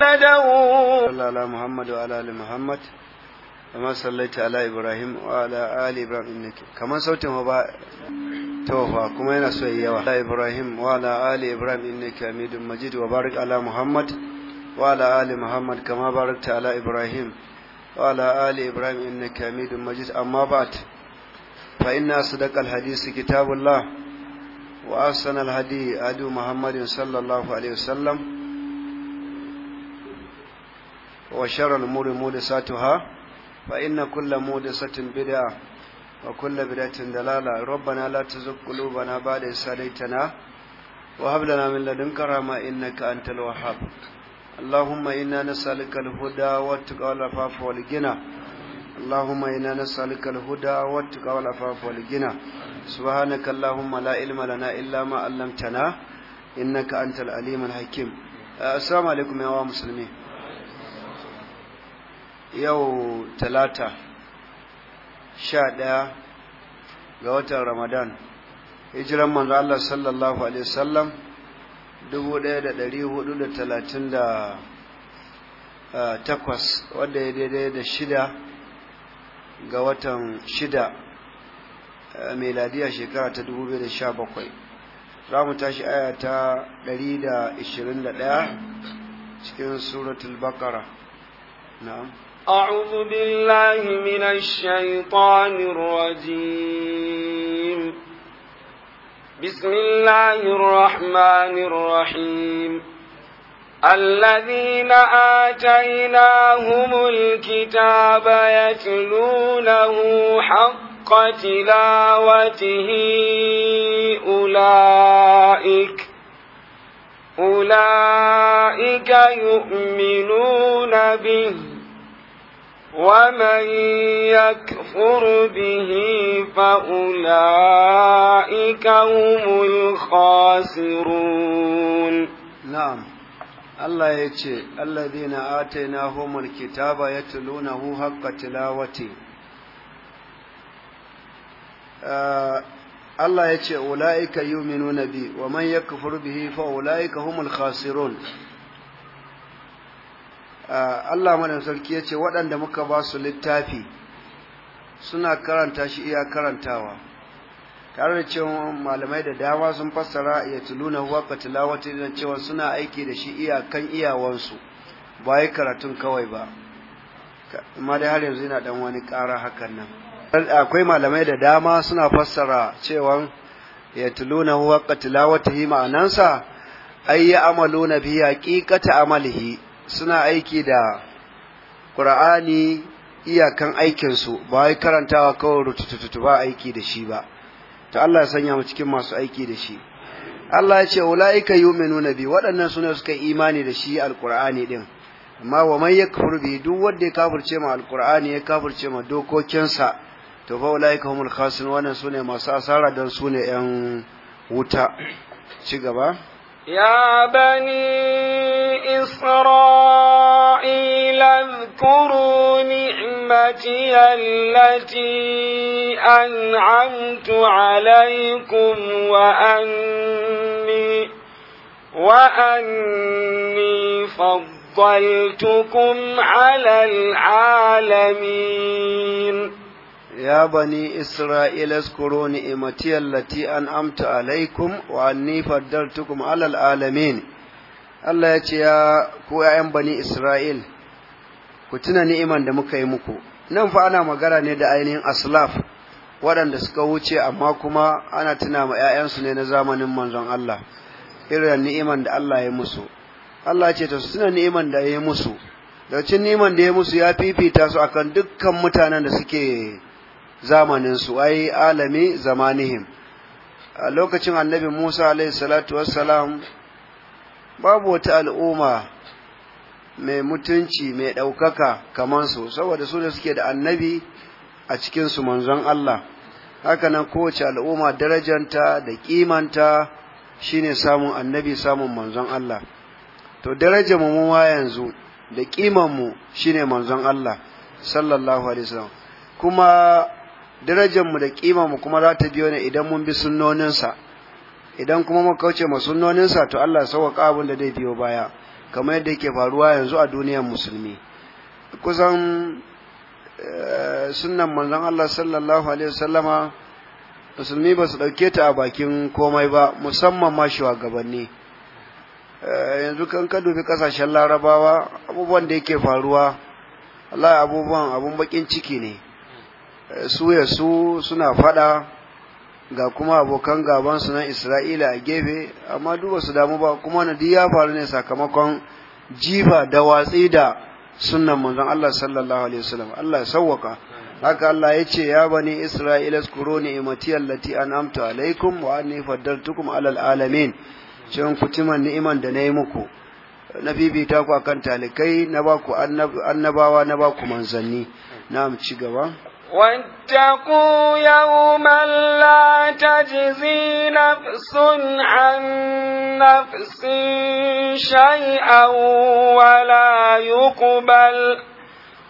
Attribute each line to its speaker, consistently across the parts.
Speaker 1: صلى على محمد وعلى آل محمد كما صليت على إبراهيم وعلى آل إبراهيم إنك كما صوت مبا توفى كما ينسوي يوا على إبراهيم وعلى آل إبراهيم إنك حميد مجيد وبارك على محمد وعلى آل محمد كما باركت على إبراهيم وعلى آل إبراهيم إنك حميد مجيد أما بعد فإن أصدق الحديث كتاب الله وأحسن الهدي هدي محمد صلى الله عليه وسلم وشر الأمور مودساتها فإن كل مودسة بدعة وكل بدعة دلالة ربنا لا تزغ قلوبنا بعد إذ هديتنا وهب لنا من لدنك رحمة إنك أنت الوهاب اللهم إنا نسألك الهدى والتقى والعفاف والغنى اللهم إنا نسألك الهدى والتقى والعفاف والغنى سبحانك اللهم لا علم لنا إلا ما علمتنا إنك أنت العليم الحكيم السلام عليكم يا مسلمين yau talata sha ɗaya ga watan ramadan hijiran manzo Allah sallallahu alaihi wasallam dubu ɗaya da ɗari hudu da talatin da takwas wadda ya daidai da shida ga watan shida meladiya shekara ta dubu biyu da sha bakwai za mu tashi aya ta ɗari da ishirin da ɗaya cikin suratul bakara na'am
Speaker 2: أعوذ بالله من الشيطان الرجيم بسم الله الرحمن الرحيم الذين آتيناهم الكتاب يتلونه حق تلاوته أولئك أولئك يؤمنون به ومن يكفر به فأولئك هم الخاسرون نعم الله يتي
Speaker 1: الذين آتيناهم الكتاب يتلونه حق تلاوته Allah ya ce, Ula'ika yi bi, wa man ya kafir bihi fa ula'ika humul khasirun. Ah, Allah madan sarki ya ce waɗanda muka ba su littafi suna karanta shi iya karantawa tare da cewa malamai da dama sun fassara ya tuluna huwa tilawatin da cewa suna aiki da shi iya kan iyawansu ba yi karatun kawai ba amma dai har yanzu yana dan wani ƙara hakan nan akwai malamai da dama suna fassara cewa ya tuluna huwa tilawatin ma'anansa ay ya na biya ƙiƙata amalihi suna aiki da ƙura'ani iyakan aikinsu ba wai karantawa kawai rutututu ba aiki da shi ba ta Allah ya sanya mu cikin masu aiki da shi Allah ya ce ulaika nuna biyu waɗannan suna suka imani da shi alqur'ani din amma wa man yakfur bi duk wanda ya kafirce ma alqur'ani ya kafirce ma dokokinsa to fa ulaika humul khasirun wannan sune masu asara dan sune yan wuta ci gaba
Speaker 2: يا بني إسرائيل اذكروا نعمتي التي أنعمت عليكم وأني وأني فضلتكم على العالمين
Speaker 1: يا بني إسرائيل اذكروا نعمتي التي أنعمت عليكم وأني فضلتكم على العالمين الله يتي يا كو يا بني إسرائيل كتنا نعما yi muku. nan fa ana magana ne da ainihin aslaf waɗanda suka wuce amma kuma ana tuna ma 'ya'yansu ne na zamanin manzon Allah irin ni'iman da Allah ya musu Allah ce ta suna ni'iman da ya musu da cin ni'iman da ya musu ya fifita su akan dukkan mutanen da suke zamanin su ai alami zamanihim a lokacin annabi Musa alaihi salatu wassalam babu wata al'umma mai mutunci mai ɗaukaka kamar su saboda su da suke da annabi a cikinsu manzon Allah hakanan kowace al'umma darajanta da kimanta shine samun annabi samun manzon Allah to daraja mu mu yanzu da kiman mu shine manzon Allah sallallahu alaihi wasallam kuma darajar mu da kima mu kuma za ta biyo ne idan mun bi sunnonin sa idan kuma mun kauce ma sunnonin sa to Allah sauka abin da zai biyo baya kamar yadda yake faruwa yanzu a duniyar musulmi kusan eh, sunnan manzon Allah sallallahu alaihi wasallama musulmi ba su dauke ta a bakin komai ba musamman ma shugabanni eh, yanzu kan ka dubi kasashen larabawa abubuwan da yake faruwa Allah abubuwan abun bakin ciki ne su ya su suna fada ga kuma abokan gabansu na Isra'ila a gefe, amma duba su damu ba kuma na ya faru ne sakamakon jifa da watsi da sunnan manzon Allah sallallahu Alaihi wasallam Allah ya sauwaka. Haka Allah ya ce, Ya bani Isra'ila skuro ni imati allati an alaikum wa anni faddaltukum alal alamin, cin kutiman ni'iman da nayi muku, na bibita ku akan talikai, na ba ku annabawa, na ba ku manzanni, na ci gaba.
Speaker 2: واتقوا يوما لا تجزي نفس عن نفس شيئا ولا يقبل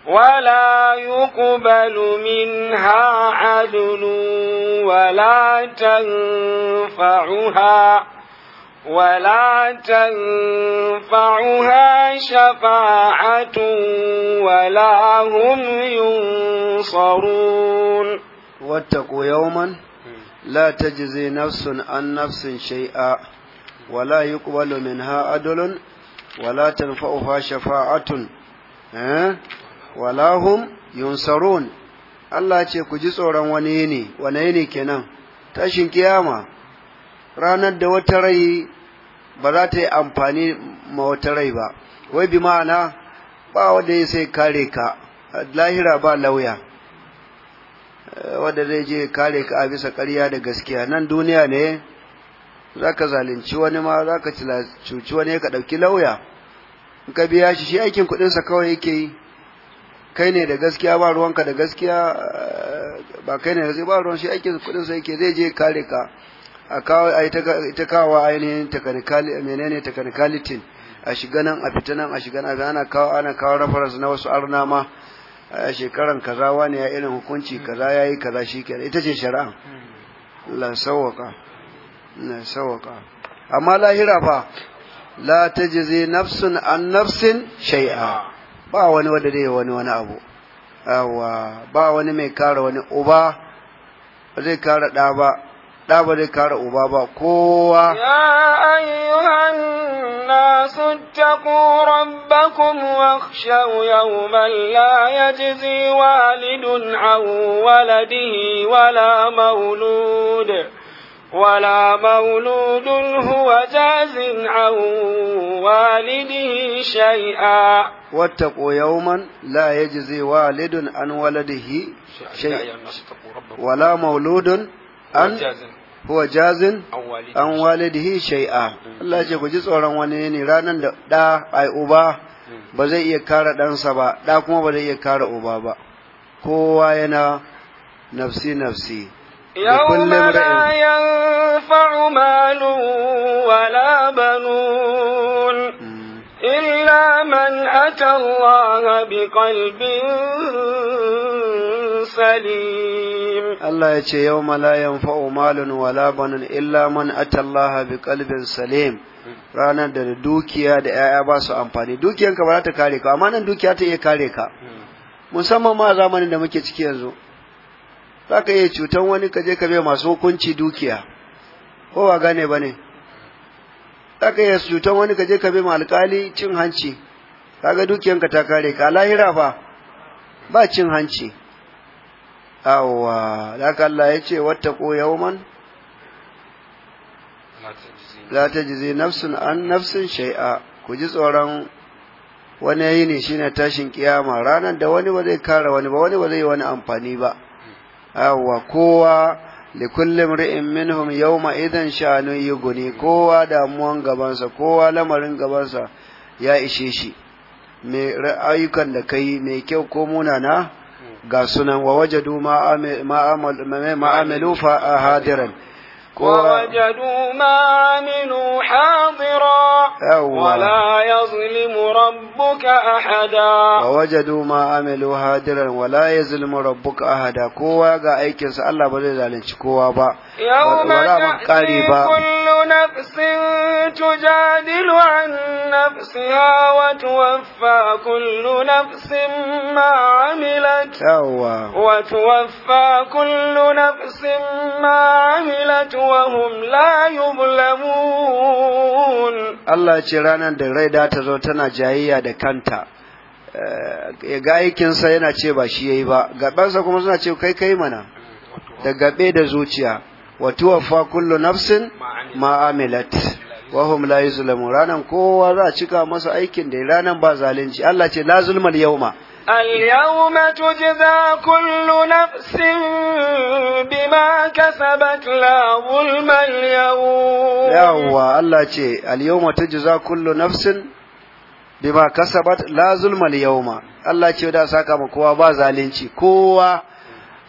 Speaker 2: ولا يقبل منها عدل ولا تنفعها ولا تنفعها شفاعة ولا هم ينفعون ينصرون
Speaker 1: واتقوا يوما لا تجزي نفس عن نفس شيئا ولا يقبل منها عدل ولا تنفعها شفاعة ولا هم ينصرون Allah ce ku ji tsoron wani ne wani ne kenan, tashin kiyama, ranar da wata rai ba za ta yi amfani ma wata rai ba, wai bi ma'ana ba wanda ya sai kare ka, lahira ba lauya. wanda zai je kare ka a bisa ƙarya da gaskiya nan duniya ne za ka zalunci wani ma za ka cuci wani ka ɗauki lauya in ka biya shi shi aikin kuɗinsa kawai yake yi kai ne da gaskiya ba ruwanka da gaskiya eh, ba kai ne da ba ruwan shi aikin kuɗinsa yake zai je kare ka a kawo a ita kawo ainihin technicality menene takanikalitin a shiga nan a fita nan a shiga nan ana kawo ana kawo reference na wasu arna ma a shekaran kaza wani ya irin hukunci hmm. kaza ya yi kaza shi kenan ita ce shari'a hmm. la sawaka la sawaka amma lahira fa la tajzi nafsun an nafsin shay'a ba wani wanda zai wani wani abu awa ba wani mai kare wani uba zai kare da ba da ba zai kare uba ba kowa
Speaker 2: ya ayyuhan الناس اتقوا ربكم واخشوا يوما لا يجزي والد عن ولده ولا مولود ولا مولود هو جاز عن والده شيئا
Speaker 1: واتقوا يوما لا يجزي والد عن ولده شيئا ولا مولود عن huwa jazin an walidihi shay'a Allah ce ku ji tsoron wani ne ranan da da ai uba ba zai iya kare ɗansa ba da kuma ba zai iya kare uba ba kowa yana nafsi nafsi
Speaker 2: يوم yanfa'u malu wala banun illa man ata Allah bi qalbin سليم
Speaker 1: الله يتي يوم لا ينفع مال ولا بنون إلا من أتى الله بقلب سليم ranar da dukiya da ‘ya'ya ba su amfani dukiyanka ba za ta kare ka amma nan dukiya ta iya kare ka musamman ma zamanin da muke ciki yanzu za ka iya cutan wani ka je ka bai masu hukunci dukiya ko ba gane ba ne za ka iya cutan wani ka je ka bai ma alkali cin hanci kaga dukiyanka ta kare ka lahira ba ba cin hanci awwa haka Allah ya ce ko yawman la jizi nafsun an nafsin shai'a ku ji tsoron wani ne shine tashin kiyama ranar da wani ba zai kare wani ba wani ba zai yi wani amfani ba Awa, kowa li kulli imri'in minhum yawma idan sha'anu guni kowa damuwan gabansa kowa lamarin gabansa ya ishe shi me ra'ayukan da kai me kyau ko munana ga sunan wa wajadu ma'amalu fa hadiran
Speaker 2: ووجدوا ما عملوا حاضرا ولا يظلم ربك Buka أحدا
Speaker 1: ووجدوا ما عملوا هادرا ولا يظلم ربك أحدا كوا غا أيكن kowa ba wala ba kare ba
Speaker 2: kullu nafsin tujadilu an nafsiha wa tuwaffa kullu nafsin ma amilat yawa wa tuwaffa kullu ma amilat wa hum la
Speaker 1: Allah ce ranar da rai da ta zo tana jayayya da kanta eh, ya ga aikinsa yana ce ba shi yayi ba gabansa kuma suna ce kai kai mana da gabe da zuciya wa tuwaffa kullu nafsin ma amilat wa la yuzlamu ranan kowa za a cika masa aikin da ranan ba zalunci Allah ce la zulmal yawma
Speaker 2: اليوم تجزى كل نفس بما كسبت لا ظلم اليوم
Speaker 1: يا ce الله اليوم تجزى كل نفس bima kasabat la zulmal yawma Allah ce da saka ma kowa ba zalunci kowa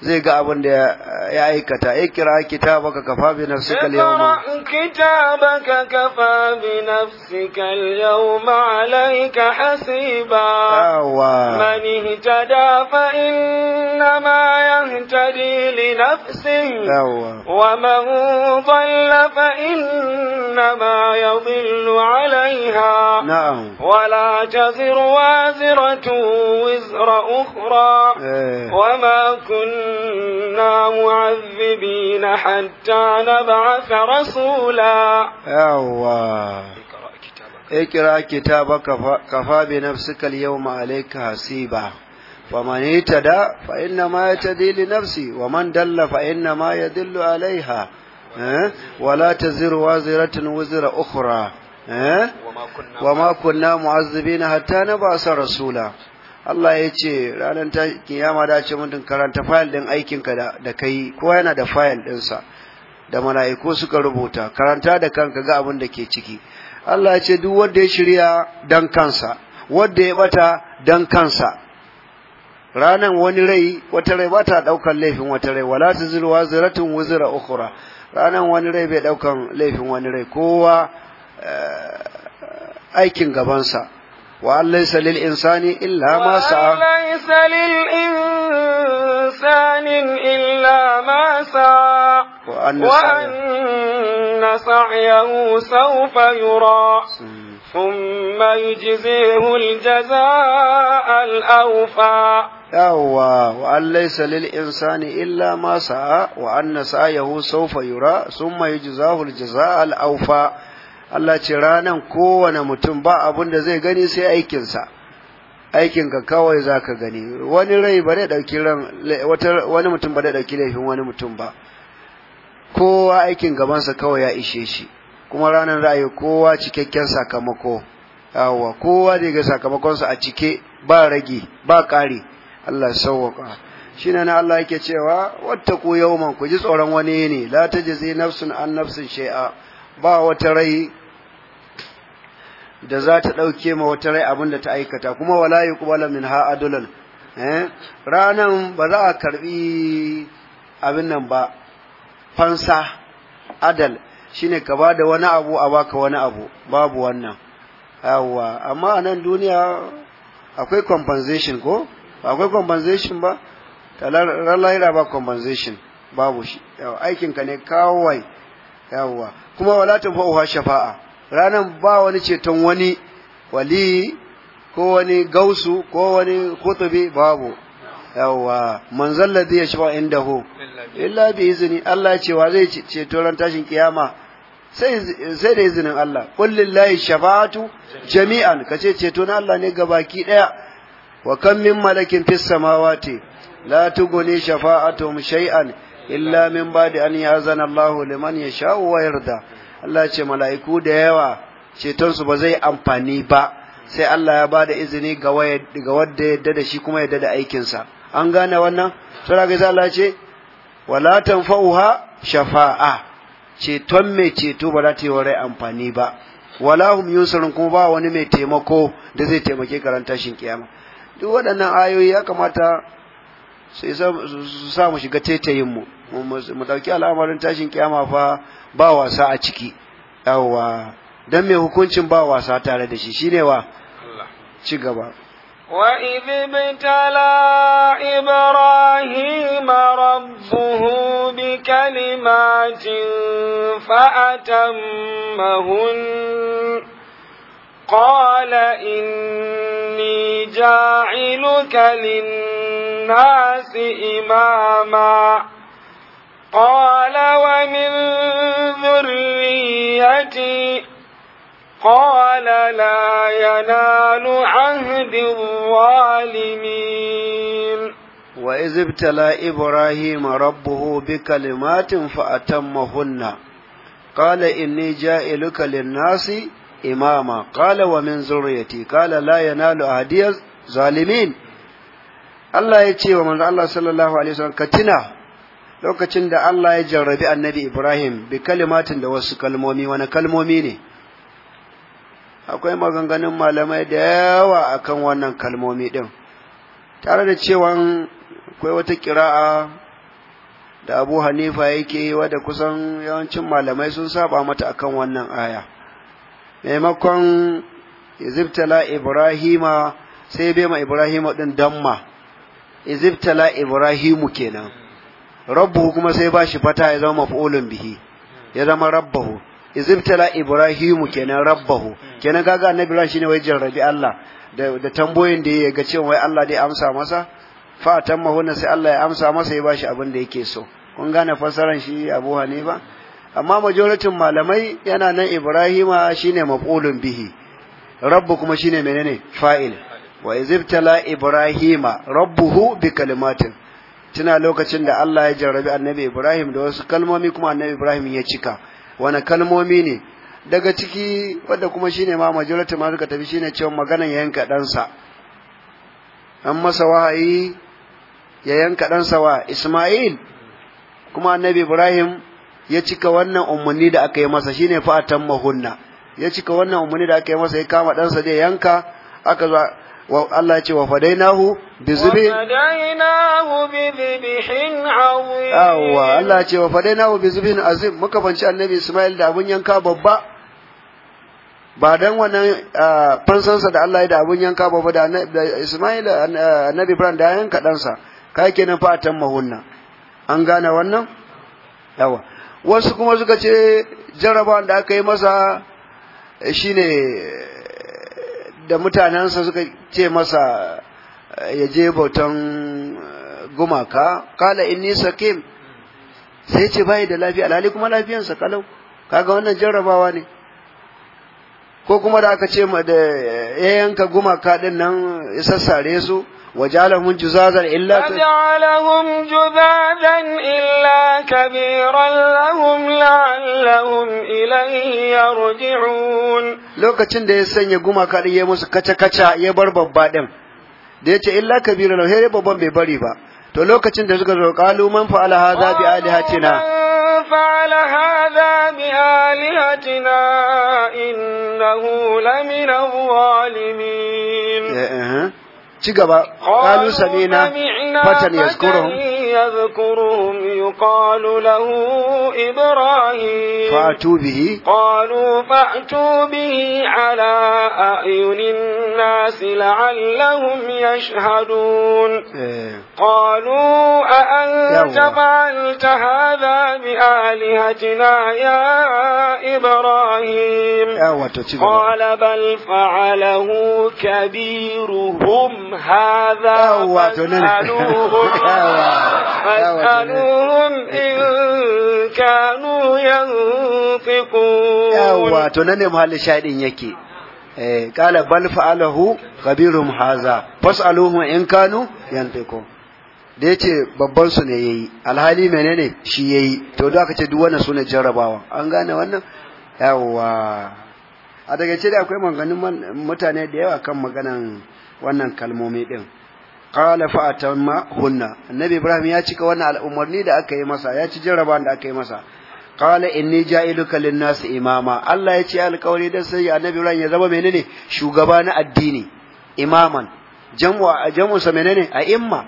Speaker 1: زي قابل دي يا ايكتا اكرا كتابك كفى بنفسك اليوم اكرا
Speaker 2: كتابك كفى بنفسك اليوم عليك حسيبا أوا. من اهتدى فإنما يهتدي لنفسه أوا. ومن ضل فإنما يضل عليها نعم. ولا تزر وازرة وزر أخرى إيه. وما كنت كنا معذبين حتى نبعث رسولا
Speaker 1: يوا اقرا كتابك كفى بنفسك اليوم عليك حسيبا ومن اهتدى فإنما يهتدي لنفسه ومن دل فإنما يدل عليها أه؟ ولا تزر وازرة وزر أخرى أه؟ وما كنا معذبين حتى نبعث رسولا Allah ya ce ranar ta kiyama da ce mutum karanta fayil ɗin aikinka da kai kowa yana da fayil ɗinsa da mala'iku suka rubuta karanta da kanka ga abin da ke ciki Allah ya ce duk wanda ya shirya dan kansa wanda ya bata dan kansa ranan wani rai wata rai bata daukan laifin wata rai wala tazru waziratun wuzra ukhra ranan wani rai bai daukan laifin wani rai kowa eh, aikin gabansa وأن ليس للإنسان إلا ما سعى وأن
Speaker 2: ليس للإنسان إلا ما سعى وأن, وأن سعيه سوف يرى ثم يجزيه الجزاء الأوفى
Speaker 1: يوا وأن ليس للإنسان إلا ما سعى وأن سعيه سوف يرى ثم يجزاه الجزاء الأوفى Allah ce ranan kowane mutum ba abin da zai gani sai aikinsa aikinka kawai za ka gani wani rai ba ran wani mutum ba zai ɗauki laifin wani mutum ba kowa aikin gabansa kawai ya ishe shi kuma ranan ra'ayi kowa cikakken sakamako yawa kowa da ga sakamakonsa a cike ba rage ba ƙari Allah sauwaka shi ne na Allah yake cewa wata ku yawman ku ji tsoron wani ne la tajzi nafsun an nafsin shay'a ba wata rai da za ta ɗauke ma wata rai abin da ta aikata kuma wala yuqbalu min adlan eh ranan ba za a karbi abin nan ba fansa adal shine ka ba da wani abu a baka wani abu babu wannan yawwa amma a nan duniya akwai compensation ko akwai compensation ba talar laira ba compensation babu shi aikinka ne kawai yawwa kuma wala fa'uwa shafa'a ranan ba wani ceton wani wali ko wani gausu ko wani kutubi babu yawa manzon ladhi yashfa indahu illa bi izni Allah ce wa zai ceto ran tashin kiyama sai sai da izinin Allah qul lillahi shafa'atu jami'an kace ceto na Allah ne ga baki daya wa kam min malakin fis samawati la tughni shafa'atuhum shay'an illa min ba'di an ya'zana Allahu liman yasha'u wa yarda Allah ce mala'iku da yawa cetonsu ba zai amfani ba sai Allah ya bada izini ga wadda yadda da shi kuma yadda da aikinsa an gane wannan sura ga Allah ce wala tanfa'uha shafa'a ceton mai ceto ba za ta yi wa amfani ba wala hum yusrun kuma ba wani mai taimako da zai taimake karantashin kiyama duk waɗannan ayoyi ya kamata sai su sa mu shiga taitayin mu mu dauki al'amarin tashin kiyama fa ba wasa a ciki yawa dan mai hukuncin ba wasa tare da shi shine wa ci gaba
Speaker 2: Wa وإذ ابتلى إبراهيم ربه بكلمات فأتمهن قال إني جاعلك للناس إماما قال ومن ذريتي قال لا ينال عهد الظالمين
Speaker 1: وإذ ابتلى إبراهيم ربه بكلمات فأتمهن قال إني جائلك للناس إماما قال ومن ذريتي قال لا ينال أهدي الظالمين Allah ya ce wa Allah sallallahu alaihi wasallam ka tuna lokacin da Allah ya jarrabi annabi Ibrahim bi kalimatin da wasu kalmomi wani kalmomi ne akwai maganganun malamai da yawa akan wannan kalmomi ɗin. tare da cewa akwai wata kira'a da Abu Hanifa yake wadda kusan yawancin malamai sun saɓa mata akan wannan aya maimakon izibtala ibrahima sai bai ma ibrahima din damma izibtala ibrahimu kenan rabbu kuma sai ba shi fata ya zama maf'ulun bihi ya zama rabbahu izibtala ibrahimu kenan rabbahu kenan kaga annabi ran shine wai jarrabi Allah da tamboyin da ya ga cewa wai Allah dai amsa masa fa tamma hunna sai Allah ya amsa masa ya ba shi abin da yake so kun gane fasaran shi Abu Hanifa amma majoratin malamai yana nan ibrahima shine maf'ulun bihi rabbu kuma shine menene fa'il wa izibtala ibrahima rabbuhu bi kalimatin tuna lokacin da Allah ya jarrabi annabi ibrahim da wasu kalmomi kuma annabi ibrahim ya cika wani kalmomi ne daga ciki wadda kuma shine ma majoratin ma suka tafi shine cewa maganan ya yanka dansa an masa wahayi ya yanka ɗansa wa isma'il kuma annabi ibrahim ya cika wannan umarni da aka yi masa shine fa atammahunna ya cika wannan umarni da aka yi masa ya kama sa zai yanka aka zo Allah ya ce wa fadainahu bi zubi
Speaker 2: fadainahu bi
Speaker 1: awwa Allah ya ce wa fadainahu bi zubin azim muka fanci annabi Ismail da abun yanka babba ba dan wannan fansansa da Allah ya da abun yanka babba da Ismail annabi Ibrahim da yanka sa kai kenan fa atan mahunna an gane wannan yawa wasu kuma suka ce jarabawan da aka yi masa shine da mutanensa suka ce masa eh, ya je bautan eh, gumaka kala inni sakim sai ce bai da lafiya alhali kuma lafiyansa kalau kaga wannan jarrabawa ne ko kuma da aka ce da eh, ya yanka gumaka din nan ya sassare su وجعلهم جزازا إلا
Speaker 2: وجعلهم جزازا إلا كبيرا لهم لعلهم إليه يرجعون
Speaker 1: lokacin da ya sanya gumaka din ya musu kaca kaca ya bar babba din da yace illa kabira lahu sai babban bai bari ba to lokacin da suka zo qalu man fa'ala hadha bi alihatina
Speaker 2: fa'ala bi
Speaker 1: ci gaba qalu sami'na fatan
Speaker 2: يذكرهم يقال له إبراهيم فأتوا به
Speaker 1: قالوا فأتوا به على
Speaker 2: أعين الناس لعلهم يشهدون إيه. قالوا أأنت فعلت هذا بآلهتنا يا إبراهيم قال بل فعله كبيرهم لهم هذا فاسألوهم فاسألوهم إن كانوا ينطقون يوا
Speaker 1: تنني محل شاهد يكي قال بل فعله خبيرهم هذا فاسألوهم إن كانوا ينطقون da ya ce babban su ne yayi alhali menene shi yayi to da aka ce duk wannan sunan jarrabawa an gane wannan yawwa a daga ce da akwai maganganun mutane da yawa kan maganan wannan kalmomi din qala fa atamma hunna annabi ibrahim ya cika wannan al'umarni da aka yi masa ya ci jarraba da aka yi masa qala inni ja'iluka lin-nasi imama Allah ya ce alƙawari da sai annabi ibrahim ya zama menene shugaba na addini imaman jam'u jam'u sa menene a imma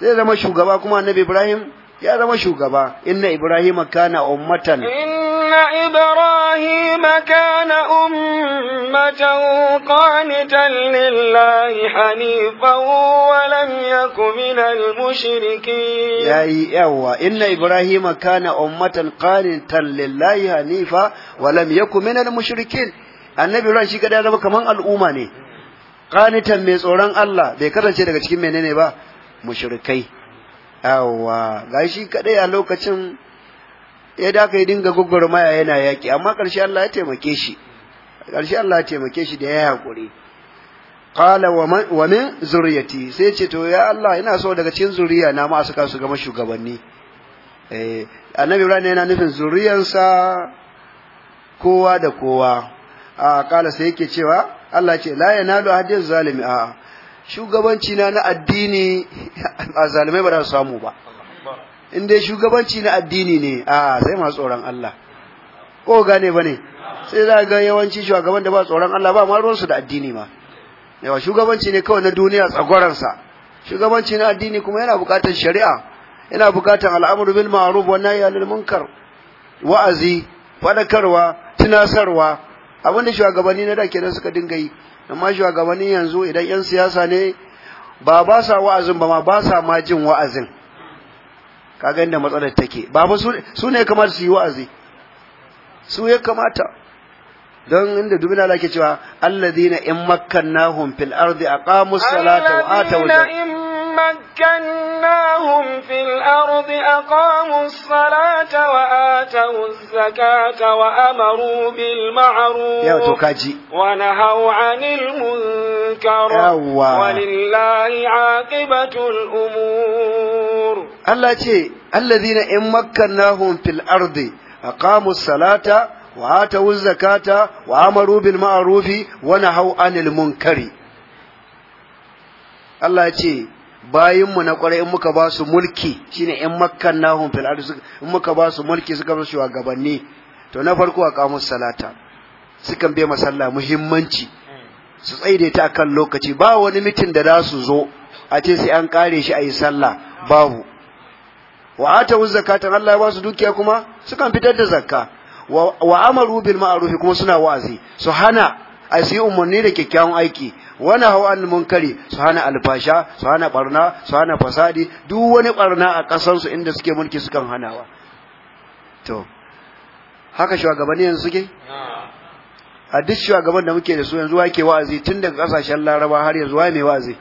Speaker 1: zai zama shugaba kuma annabi ibrahim ya zama shugaba inna ibrahim kana ummatan
Speaker 2: إن إبراهيم كان أمة قانتا لله حنيفا ولم يك من المشركين
Speaker 1: يا إيوا إن إبراهيم كان أمة قانتا لله حنيفا ولم يك من المشركين annabi ruwan shi gada zama kaman al'umma ne Kanitan mai tsoron Allah bai kasance daga cikin menene ba mushrikai yawa gashi kadai a lokacin ya da aka yi dinga maya yana yaki amma ƙarshe Allah ya taimake shi ƙarshe Allah ya taimake shi da ya haƙuri qala wa min zuriyati sai ce to ya Allah ina so daga cikin zuriya na masu suka su gama shugabanni eh annabi Ibrahim yana nufin zuriyansa kowa da kowa a kala sai yake cewa Allah ce la yanalu ahadiz zalimi a shugabanci na na addini a zalimai ba za su samu ba in dai shugabanci na addini ne a sai masu tsoron Allah ko gane bane sai za ga yawanci shugaban da ba tsoron Allah ba ma da addini ma yawa shugabanci ne kawai na duniya sa shugabanci na addini kuma yana bukatar shari'a yana bukatar al'amuru bil ma'ruf wa nahyi anil munkar wa'azi fadakarwa tunasarwa abin da shugabanni na da kenan suka dinga yi amma shugabanni yanzu idan yan siyasa ne ba ba sa wa'azin ba ma ba sa ma jin wa'azin kaga inda matsalar take baba ba su ne kamata su yi wa'azi su ya kamata don inda dubina lake cewa allazina in makkannahum fil ardi aqamus salata wa atawz
Speaker 2: مكناهم في الأرض أقاموا الصلاة وآتوا
Speaker 1: الزكاة وأمروا بالمعروف ونهوا عن المنكر ولله عاقبة الأمور الله ce الذين إن مكناهم في الأرض أقاموا الصلاة وآتوا الزكاة وأمروا بالمعروف ونهوا عن المنكر Allah ce bayinmu na kwarai in muka ba su mulki shine in makkan nahum fil ardi in muka ba su mulki suka bar shugabanni to na farko a kamus salata sukan bai masalla muhimmanci su tsaide ta akan lokaci ba wani mitin da za su zo a ce sai an kare shi a yi sallah babu wa ata zakatan Allah ya ba su dukiya kuma sukan fitar da zakka wa amaru bil ma'ruf kuma suna wa'azi su hana a su da kyakkyawan aiki wani hawa an munkari su hana alfasha su hana barna su hana fasadi duk wani barna a ƙasarsu inda suke mulki sukan hanawa to haka shugabanni yanzu suke a duk shugaban da muke da su yanzu wake wa'azi tun daga ƙasashen laraba har yanzu wai mai wa'azi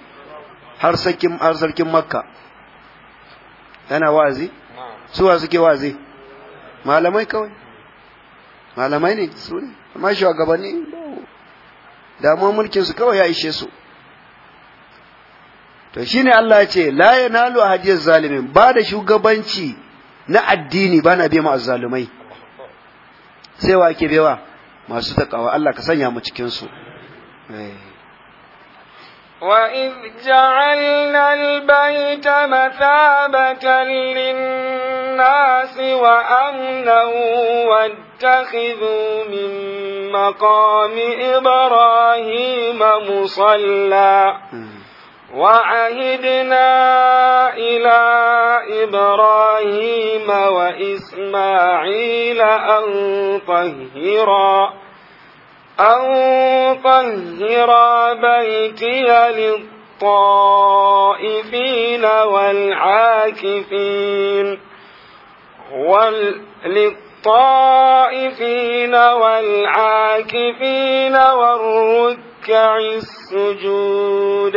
Speaker 1: har sarkin har sarkin makka yana wa'azi suwa suke wa'azi malamai kawai malamai ne su ne amma shugabanni damuwar mulkin su kawai ya ishe su to shine Allah ya ce la yanalu ahadiyaz zalimin ba da shugabanci na addini bana bai mu azzalumai sai wa ake bewa masu takawa Allah ka sanya mu cikin su
Speaker 2: وإذ جعلنا البيت مثابة للناس وأمنا واتخذوا من مقام إبراهيم مصلى وعهدنا إلى إبراهيم وإسماعيل أن طهرا أن طهرا بيتي للطائفين والعاكفين وال... الطائفين والعاكفين والركع السجود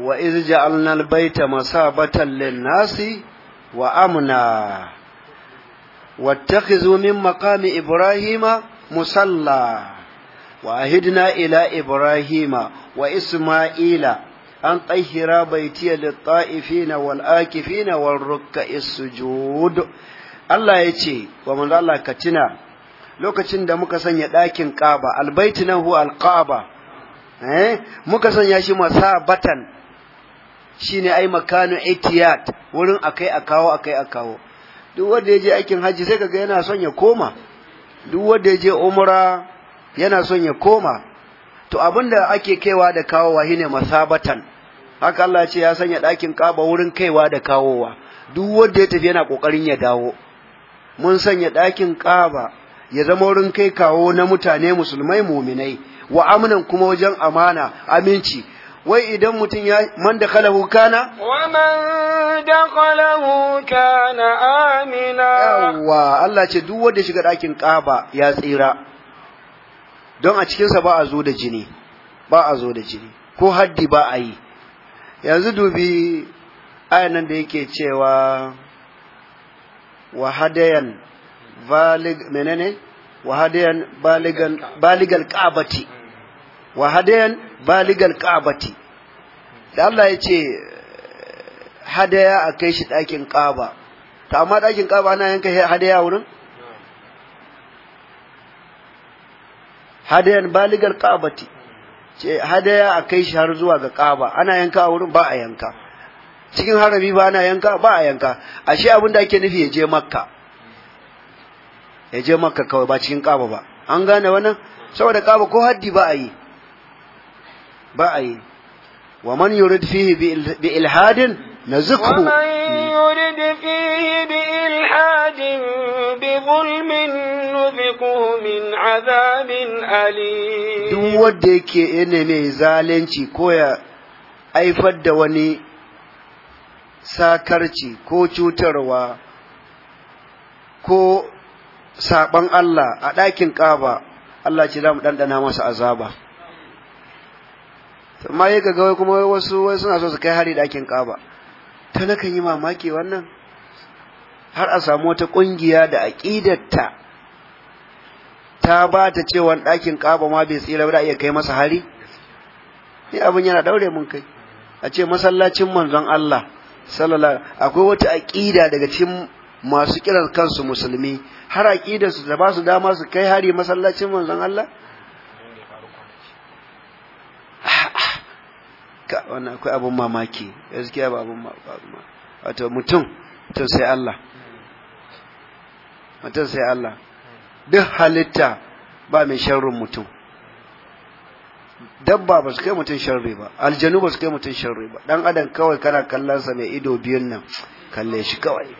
Speaker 1: وإذ جعلنا البيت مصابة للناس وأمنا واتخذوا من مقام إبراهيم مصلى وأهدنا إلى إبراهيم وإسماعيل أن طهر بيتي للطائفين والآكفين والركع السجود Allah ya ce wa manzo Allah ka tuna lokacin da muka sanya ɗakin Kaaba albaiti nan huwa alqaba eh muka sanya shi masabatan shine ai makanu itiyat wurin akai a kawo akai a kawo duk wanda ya je aikin haji sai kaga yana son ya koma duk wanda ya je umra yana son ya koma to abinda ake kaiwa da kawowa shine masabatan haka Allah ya ce ya sanya ɗakin Kaaba wurin kaiwa da kawowa duk wanda ya tafi yana kokarin ya dawo mun sanya ɗakin ƙaba ya zama wurin kai kawo na mutane musulmai muminai wa amnan kuma wajen amana aminci wai idan mutum ya man da kana man
Speaker 2: da kalahu kana amina yawa
Speaker 1: Allah ce duk wanda shiga ɗakin ƙaba ya tsira don a cikinsa ba a zo da jini ba a zo da jini ko haddi ba a yi yanzu dubi ayan nan da yake cewa wa hadayan menene wa baligan baligal ka'bati wa hadayan baligal ka'bati da Allah ya ce hadaya a kai shi ɗakin ƙaba ta amma ɗakin ƙaba ana yanka hadaya wurin hadayan baligar ƙabati ce hadaya a kai shi har zuwa ga ƙaba ana yanka a wurin ba a yanka cikin harami ba na yanka ba a yanka ashe abin da ake nufi ya je makka ya je makka kawai ba cikin kaba ba an gane wannan saboda kaba ko haddi ba a yi ba a yi wa man yurid fihi bi ilhadin nazukhu
Speaker 2: yurid fihi bi ilhadin bi zulmin nuziquhu min azabin alim duk
Speaker 1: wanda yake yana mai zalunci ko ya aifar da wani sakarci ko cutarwa ko saɓan Allah a ɗakin ƙaba Allah ce za mu ɗanɗana masa azaba. Amma yi ga kuma wasu suna so su kai hari ɗakin ƙaba. Ta nakan yi mamaki wannan har a samu wata ƙungiya da aƙidatta ta ba ta cewa ɗakin ƙaba ma bai tsira ba iya kai masa hari? Ni abin yana ɗaure mun kai. A ce masallacin manzon Allah sallala akwai wata aqida daga cikin masu kiran kansu musulmi har aqidar su da ba su dama su kai hari masallacin manzon Allah ka wannan akwai abun mamaki gaskiya ba abun mamaki wato mutum to sai Allah mutum sai Allah duk halitta ba mai sharrin mutum dabba ba su kai mutum sharri ba aljanu ba su kai mutum sharri ba dan adam kawai kana kallon sa mai ido biyun nan kalle shi kawai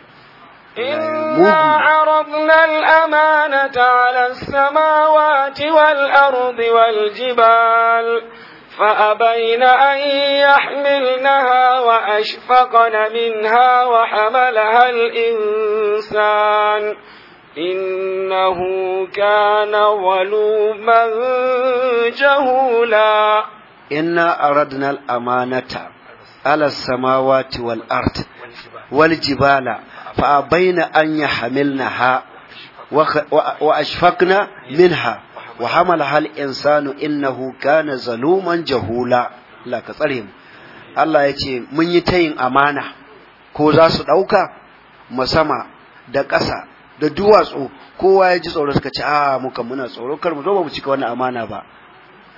Speaker 2: إنا عرضنا الأمانة على السماوات والأرض والجبال فأبين أن يحملنها وأشفقن منها إنه كان ظلوما جهولا
Speaker 1: إنا أردنا الأمانة على السماوات والأرض والجبال فأبين أن يحملنها وأشفقنا منها وحملها الإنسان إنه كان ظلوما جهولا لا كثرهم الله يتي من يتين أمانة ko za su ɗauka mu sama da ƙasa da duwatsu kowa ya ji tsoro suka ce a ah, mu kan muna tsoro kar mu zo ba mu cika wannan amana ba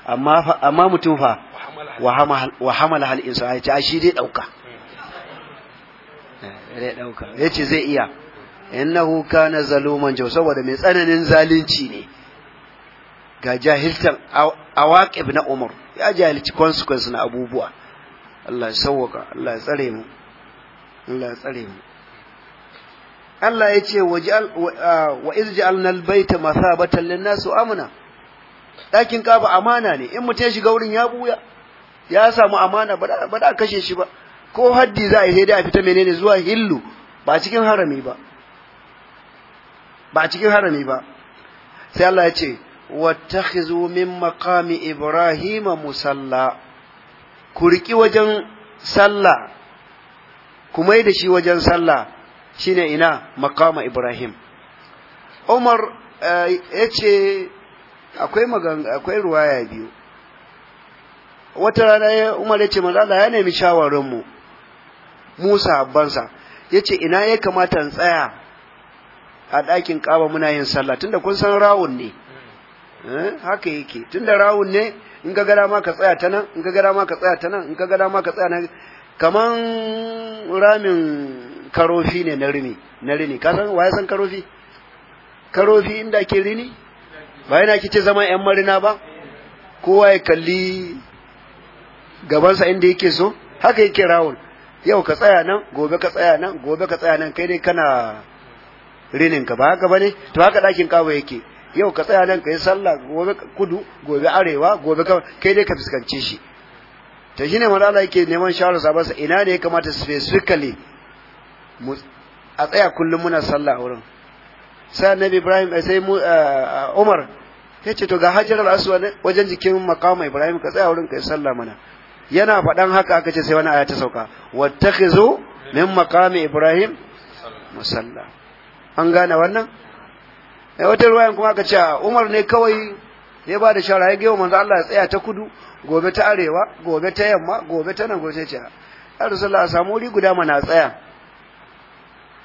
Speaker 1: amma amma mutum fa wa hamala hal insa ya ce shi dai dauka dai eh, dauka yace zai iya innahu kana zaluman jaw saboda mai tsananin zalunci ne ga jahiltan awaqib na umar ya jahilci consequence na abubuwa Allah ya sauka Allah ya tsare mu Allah ya tsare mu Allah ya ce wa iz ja'alna baita lin amana dakin kaba amana ne in mutum ya shiga wurin ya buya ya samu amana ba da kashe shi ba ko haddi za a yi da a fita menene zuwa hillu ba cikin harami ba ba cikin harami ba sai Allah ya ce wattakhizu min maqami ibrahima musalla ku riki wajen sallah ku mai da shi wajen sallah shine ina makama Ibrahim Umar eh, ya ce akwai akwai ruwaya biyu wata rana Umar ya ce manzo Allah ya nemi shawarin mu Musa abbansa ya ce ina ya kamata tsaya a ɗakin ƙaba muna yin sallah tunda kun san rawun ne eh, haka yake tunda rawun ne in ga gada ma ka tsaya ta nan in ga gada ma ka tsaya ta nan in ga gada ma ka tsaya nan kaman ramin karofi ne na rini na rini ka san waye san karofi karofi inda ake rini ba yana kice zama yan marina ba kowa ya kalli gabansa inda yake so haka yake rawul yau ka tsaya nan gobe ka tsaya nan gobe ka tsaya nan kai dai kana rinin ka ba haka bane to haka dakin kawo yake yau ka tsaya nan kai sallah gobe kudu gobe arewa gobe ka kai dai ka fuskance shi to shine manzo Allah yake neman shawara sabansa ina ne ya kamata specifically a tsaya kullum muna sallah a wurin sai annabi ibrahim eh, sai eh, eh, umar ya ce to ga hajjar al wajen jikin makamu ibrahim ka tsaya wurin kai sallah mana yana faɗan haka aka ce sai wani aya ta sauka wattakhizu min maqam ibrahim musalla an gane wannan eh wata ruwayan kuma aka ce ah, umar ne kawai ya ba da shara ya gewa manzo Allah ya tsaya ta kudu gobe ta arewa gobe ta yamma gobe ta nan gobe ta ce ah, ya rasulullahi a samu wuri guda mana tsaya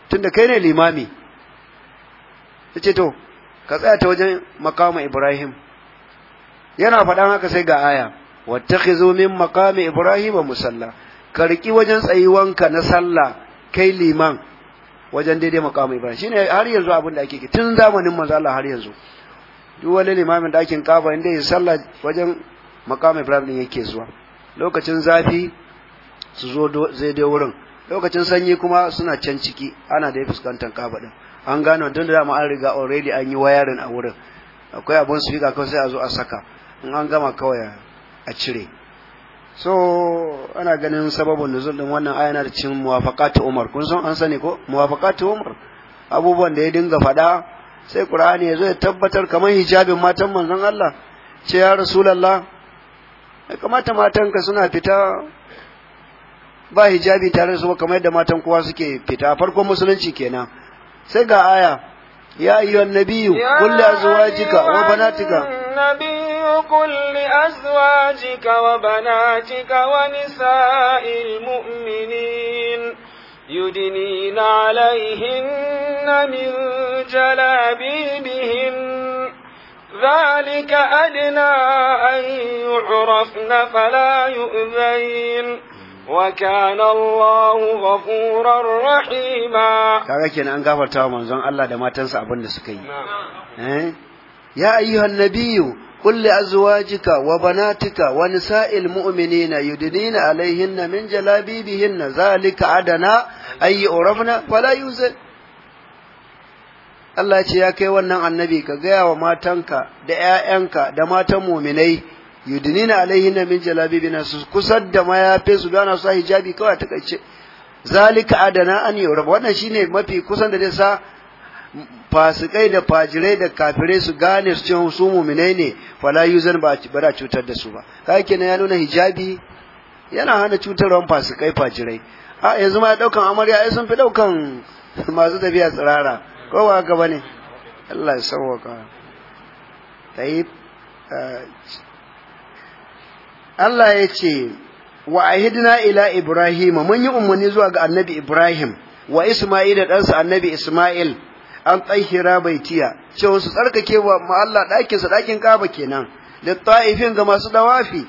Speaker 1: tunda kai ne limami yace to ka tsaya ta wajen maqama ibrahim yana faɗan haka sai ga aya wattakhizu min maqami ibrahim musalla ka riki wajen ka na sallah kai liman wajen daidai maqami ibrahim shine har yanzu abin da ake tun zamanin manzo Allah har yanzu duk wani limamin ake kafa inda ya sallah wajen maqami ibrahim yake zuwa lokacin zafi su zo zai dai wurin lokacin sanyi kuma suna can ciki ana da fuskantar kaba din an gano tun da ma an riga already an yi wayarin a wurin akwai abun su fika kawai sai a zo a saka in an gama kawai a cire so ana ganin sababin nuzul din wannan ayana da cin muwafaqatu umar kun san an sani ko muwafaqatu umar abubuwan da ya dinga faɗa sai qur'ani ya zo ya tabbatar kamar hijabin matan manzon Allah ce ya rasulullah kamata ka suna fita ba hijabi tare da su kamar yadda matan kowa suke fita farkon musulunci kenan sai ga aya ya ayyuhan nabiyyu qul li azwajika wa banatika
Speaker 2: nabiyyu qul li azwajika wa banatika wa nisa'il mu'minin يدنين عليهن من جلابيبهن ذلك أدنى أن يعرفن فلا يؤذين وكان الله غفورا رحيما kaga
Speaker 1: kenan an gafarta wa manzon Allah da matansa abin da suka yi eh ya ayyuhan nabiyyu qul li azwajika wa banatika wa nisa'il mu'minina yudnina alayhinna min jalabibihinna zalika adana ay urafna fala yuzal Allah ce ya kai wannan annabi ka gaya wa matanka da ƴaƴanka da matan muminai yudnina alaihinna min jalabibina su kusar da mayafe su dana su hijabi kawai ta kace zalika adana an yi yurab wannan shine mafi kusan da zai sa fasikai da fajirai da kafirai su gane su cewa su mu'minai ne fala yuzan ba bara cutar da su ba kai kenan ya nuna hijabi yana hana cutarwan fasikai fajirai a yanzu ma daukan amarya ai sun fi daukan masu tafiya tsirara ko ba haka bane Allah ya sauwaka tayyib eh, Allah ya ce wa ahidna ila Ibrahim mun yi umarni zuwa ga annabi Ibrahim wa Isma'il da ɗansa annabi Isma'il an tsahira baitiya cewa su tsarkake wa Allah ɗakin sa ɗakin kaba kenan da ta'ifin ga masu dawafi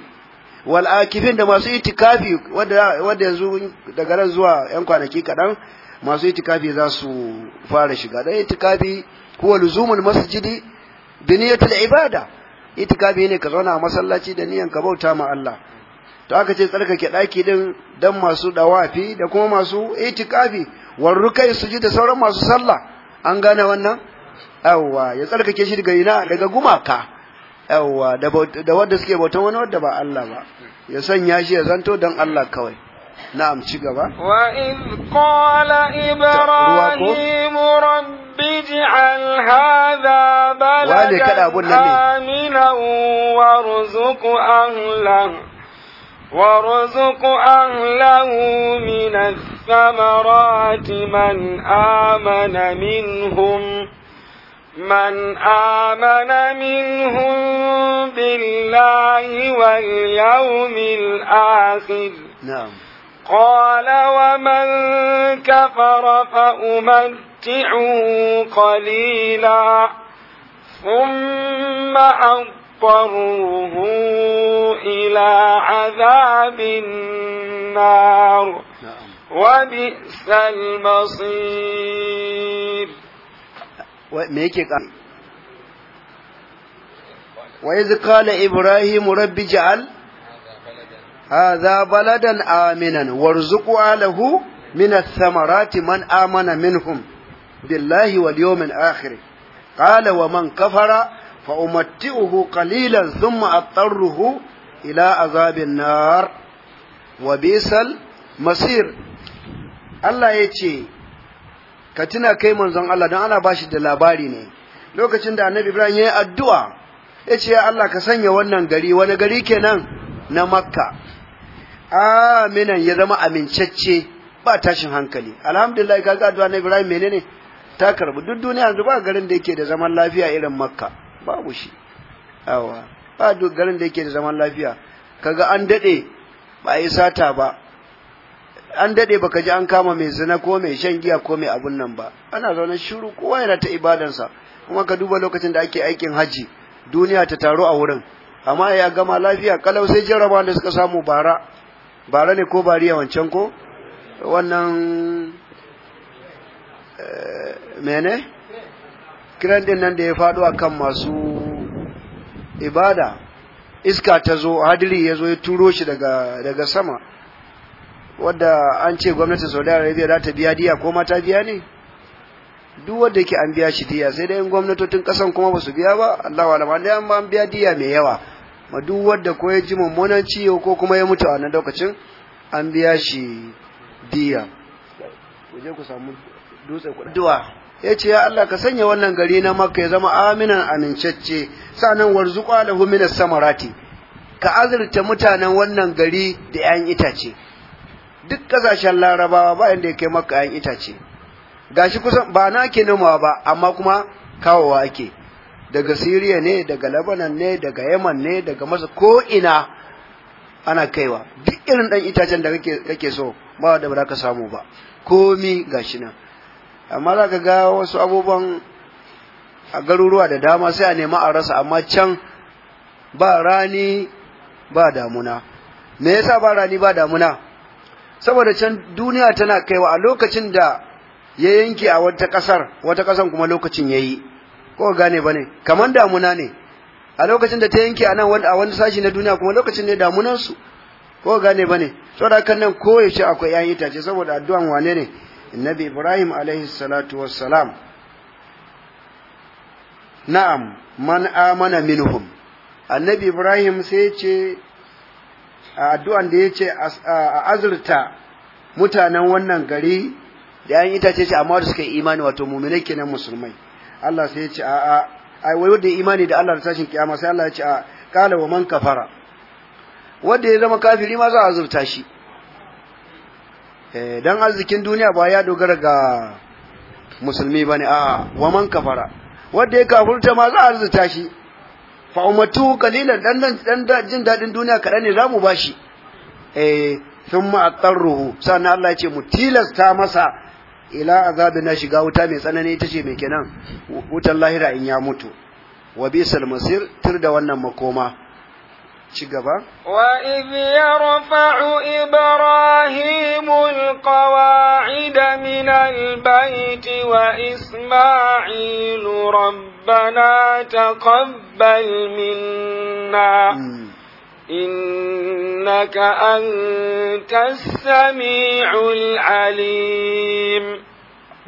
Speaker 1: wal da masu itikafi wanda wanda yanzu daga ran zuwa yan kwanaki kaɗan masu itikafi za su fara shiga dan itikafi huwa luzumul masjidi biniyatul ibada itikafi ne ka zauna a masallaci da niyan ka bauta ma Allah to aka ce tsarkake daki din dan masu dawafi da kuma masu itikafi war rukai suji da sauran masu sallah an gane wannan yawa ya tsarkake shi daga ina daga gumaka yawa da wanda suke bautan wani wanda ba Allah ba ya sanya shi ya zanto dan Allah kawai نعم شقبة
Speaker 2: وإذ قال إبراهيم رب اجعل هذا بلدا آمنا وارزق أهله وارزق أهله من الثمرات من آمن منهم من آمن منهم بالله واليوم الآخر نعم قال ومن كفر فأمتعه قليلا ثم أضطره إلى عذاب النار نعم. وبئس المصير
Speaker 1: وإذ قال إبراهيم رب جعل hadha baladan aminan warzuqu alahu min ath-thamarati man amana minhum billahi wal yawmil akhir qala wa man kafara fa umatti'uhu qalilan thumma attaruhu ila azabin nar wa bisal masir Allah ya ce ka tuna kai manzon Allah don ana bashi da labari ne lokacin da annabi Ibrahim ya yi addu'a ya ce Allah ka sanya wannan gari wani gari kenan na makka aminan ya zama amincacce ba tashin hankali alhamdulillah ga addu'a na Ibrahim menene ta karbu duk duniya yanzu ba garin da yake da zaman lafiya irin Makka babu shi awa ba duk garin da yake da zaman lafiya kaga an dade ba a yi sata ba an dade baka ji an kama mai zina ko mai shan giya ko mai abun nan ba ana zaune shiru kowa yana ta ibadansa kuma ka duba lokacin da ake aikin hajji duniya ta taro a wurin amma ya gama lafiya kalau sai jarabawa da suka samu bara bara ne ko bariya wancan ko wannan eh, mene kiran din nan da ya faɗo a kan masu ibada iska ta zo hadiri ya zo ya turo shi daga, sama wadda an ce gwamnatin saudi arabia za ta biya diya ko mata biya ne duk wadda yake an biya shi diya sai dai in gwamnatocin kasan kuma ba su biya ba allahu alam an biya diya mai yawa ma duk wanda ko ya ji mummunan ciwo ko kuma ya mutu a nan lokacin an biya shi diya waje ku samu dutse duwa ya ce ya Allah ka sanya wannan gari na makka ya zama aminan amincacce sanan warzuqa lahu minas samarati ka azurta mutanen wannan gari da 'yan itace duk kasashen larabawa ba inda ya kai makka 'yan itace gashi kusan ba na ake nomawa ba amma kuma kawowa ake daga Siriya ne daga Lebanon ne daga Yemen ne daga masa ko ina ana kaiwa duk irin dan itacen da kake kake so ba da ba ka samu ba komi gashi nan amma za ka ga wasu abubuwan a garuruwa da dama sai a nema a rasa amma can ba rani ba damuna me yasa ba rani ba damuna saboda can duniya tana kaiwa a lokacin da ya yanke a wata ƙasar wata kasan kuma lokacin yayi ko gane bane kaman damuna ne a lokacin da ta yanke a nan a wani sashi na duniya kuma lokacin ne damunan su ko gane bane saboda kan nan ko yace akwai yayin itace saboda addu'an wane ne annabi ibrahim alaihi salatu wassalam na'am man amana minhum annabi ibrahim sai ya ce a addu'an da ya ce a azurta mutanen wannan gari da yayin itace ce amma da suka yi imani wato mu'minai kenan musulmai Allah sai ya ce a'a ai wai wanda ya imani da Allah da tashin kiyama sai Allah ya ce a'a qala wa man kafara wanda ya zama kafiri ma za a azurta shi eh dan arzikin duniya ba ya dogara ga musulmi bane a'a wa man kafara wanda ya kafurta ma za a azurta shi fa umatu qalilan dan dan jin dadin duniya kadan ne zamu bashi eh thumma atarruhu sannan Allah ya ce mu tilasta masa ila azabin na shiga wuta mai tsanani ta ce mai kenan wutan lahira in ya mutu wa bisal masir tur da wannan makoma ci gaba
Speaker 2: wa idh yarfa'u ibrahimul qawa'ida min albayt wa isma'ilu rabbana taqabbal minna hmm. إنك أنت السميع العليم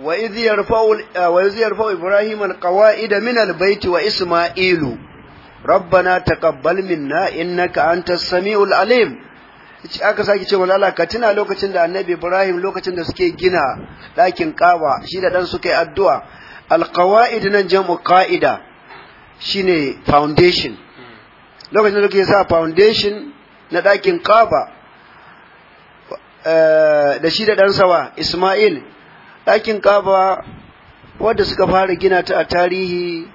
Speaker 2: وإذ يرفع,
Speaker 1: وإذ يرفع إبراهيم القواعد من البيت وإسماعيل ربنا تقبل منا إنك أنت السميع العليم aka sake ce malala ka tuna lokacin da annabi Ibrahim lokacin da suke gina ɗakin kaba shi da ɗan suka yi addu'a alƙawa'id nan jam'u ƙa'ida shine foundation lokacin da suke sa foundation na ɗakin kaba eh, da shi da ɗansawa Ismail ɗakin kaba wadda suka fara gina ta a tarihi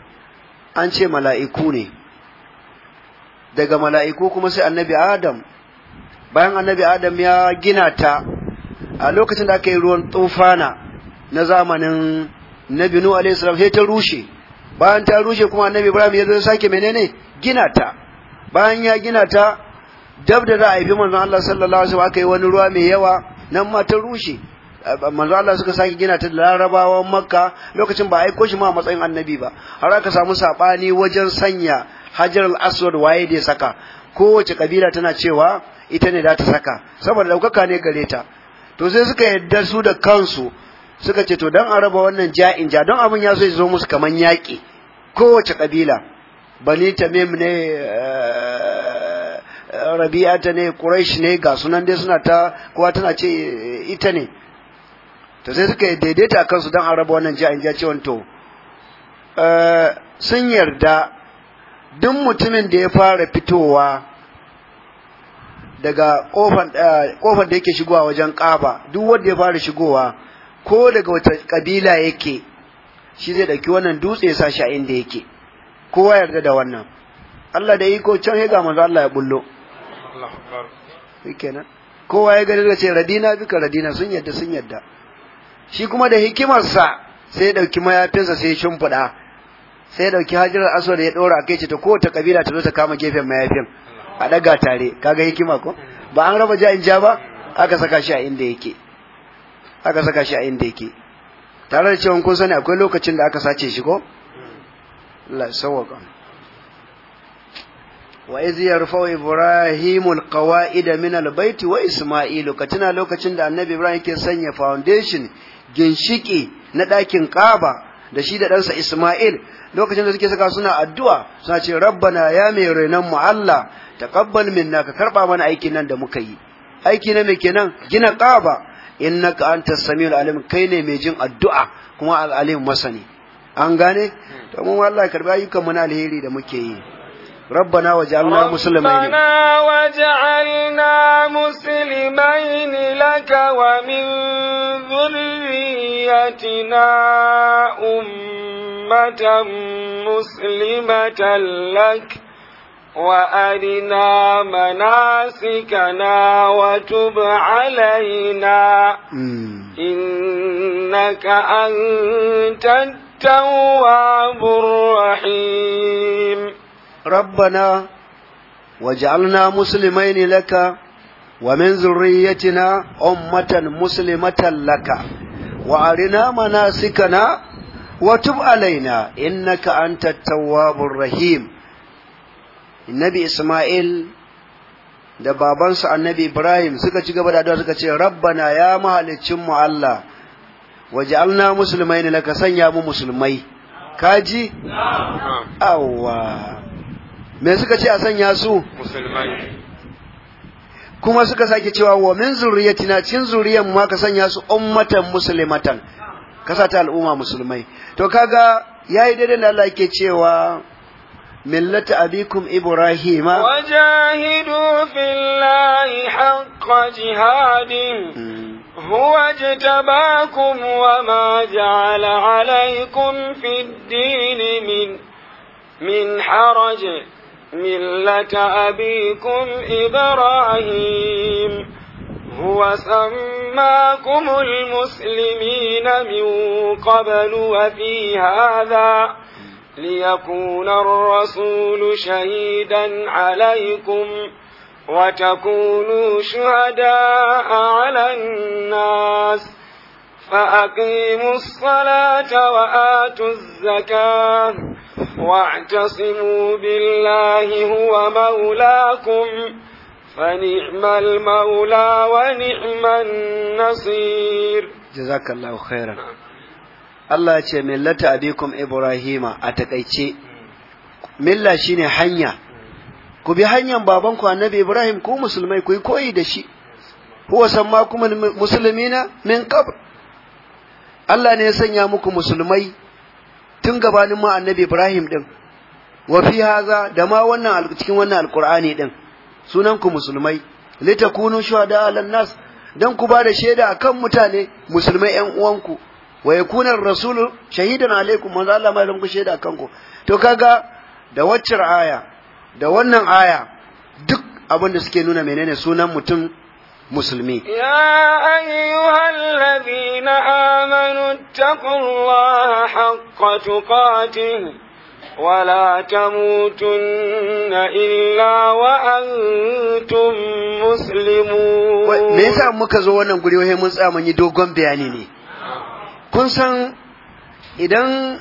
Speaker 1: an ce mala'iku ne daga mala'iku kuma sai annabi Adam bayan annabi Adam ya gina ta a lokacin da aka yi ruwan tufana na zamanin nabi Nuhu alaihi salam sai ta rushe bayan ta rushe kuma annabi Ibrahim ya zo sake menene gina ta bayan ya gina ta dab da za a haifi manzon Allah sallallahu alaihi wasallam aka yi wani ruwa mai yawa nan ma ta rushe manzo Allah suka sake gina ta da larabawan makka lokacin ba a aiko shi ma a matsayin annabi ba har aka samu sabani wajen sanya hajar al-aswad waye da saka kowace kabila tana cewa ita ne za ta saka saboda daukaka ne gare ta to sai suka yadda su da kansu suka ce to dan a raba wannan ja'in ja don abin ya so ya zo musu kaman yaki kowace kabila bani tamim ne eh, eh, ta ne quraish ne ga sunan dai suna ta kowa tana ce eh, ita ne to sai suka daidaita kansu don an raba wannan ja'in ji cewa to sun yarda duk mutumin da ya fara fitowa daga kofar da yake shigowa wajen kaba duk wanda ya fara shigowa ko daga wata kabila yake shi zai ɗauki wannan dutse ya sa shi a inda yake kowa yarda da wannan Allah da iko can ya ga manzo Allah ya bullo kenan kowa ya gani ce radina bika radina sun yadda sun yadda shi kuma da hikimarsa sai ya dauki mayafinsa sai ya shimfiɗa sai ya dauki hajirar aswad ya ɗora kai ce ta kowace kabila ta zo ta kama gefen mayafin a ɗaga tare kaga hikima ko ba an raba jayin ja ba aka saka shi a inda yake aka saka shi a inda yake tare da cewa kun sani akwai lokacin da aka sace shi ko Allah ya sawwaka wa iz yarfa'u min albayti wa isma'il katina lokacin da annabi ibrahim yake sanya foundation ginshiki na ɗakin kaba da shi da ɗansa isma'il lokacin da suke saka suna addu'a suna ce rabbana ya mai renon mu Allah taqabbal minna ka karɓa mana aikin nan da muka yi aiki na mai kenan gina kaba innaka antas samiul alim kai ne mai jin addu'a kuma al masani an gane to mun wala karba ayyukan mun alheri da muke yi rabana waje allah musulmai ne. na
Speaker 2: waje al'adar ne laka wa min zurriyeti ummatan muslimatan talak wa ari na wa tubca layina hmm. in na ka التواب الرحيم ربنا
Speaker 1: وجعلنا مسلمين لك ومن ذريتنا أمة مسلمة لك وأرنا مناسكنا وتب علينا إنك أنت التواب الرحيم النبي إسماعيل da babansa annabi Ibrahim suka ci gaba da addu'a suka ce rabbana ya mahalicin mu Allah waj'alna na laka sanya mu musulmai kaji awwa me suka ce a sanya su
Speaker 3: musulmai
Speaker 1: kuma suka sake cewa wa min zuriyatina cin zuriyan ma ka sanya su ummatan muslimatan ka sa ta al'umma musulmai to kaga yayi daidai da Allah yake cewa ملة أبيكم إبراهيم
Speaker 2: وجاهدوا في الله حق جهاده هو اجتباكم وما جعل عليكم في الدين من من حرج ملة أبيكم إبراهيم هو سماكم المسلمين من قبل وفي هذا ليكون الرسول شهيدا عليكم وتكونوا شهداء على الناس فأقيموا الصلاة وآتوا الزكاة واعتصموا بالله هو مولاكم فنعم المولى ونعم النصير
Speaker 1: جزاك الله خيرا Allah ya ce millata abikum Ibrahima a takaice milla shine hanya ku bi hanyar babanku annabi Ibrahim ku musulmai ku yi koyi da shi huwa samma kuma musulmina min qabl Allah ne ya sanya muku musulmai tun gabanin ma annabi Ibrahim din wa fi haza da ma wannan cikin wannan alqur'ani din sunan ku musulmai litakunu shuhada alan nas dan ku bada da shaida akan mutane musulmai ƴan uwanku wa yakuna rasulu shahidan alaikum manzo Allah mai ku shaida akan ku to kaga da waccar aya da wannan aya duk abin da suke nuna menene sunan mutum musulmi
Speaker 2: ya ayyuhal ladina amanu taqullaha haqqa tuqatih tamutunna illa wa antum muslimun. me yasa
Speaker 1: muka zo wannan guri wai mun tsaya mun yi dogon bayani ne kun san idan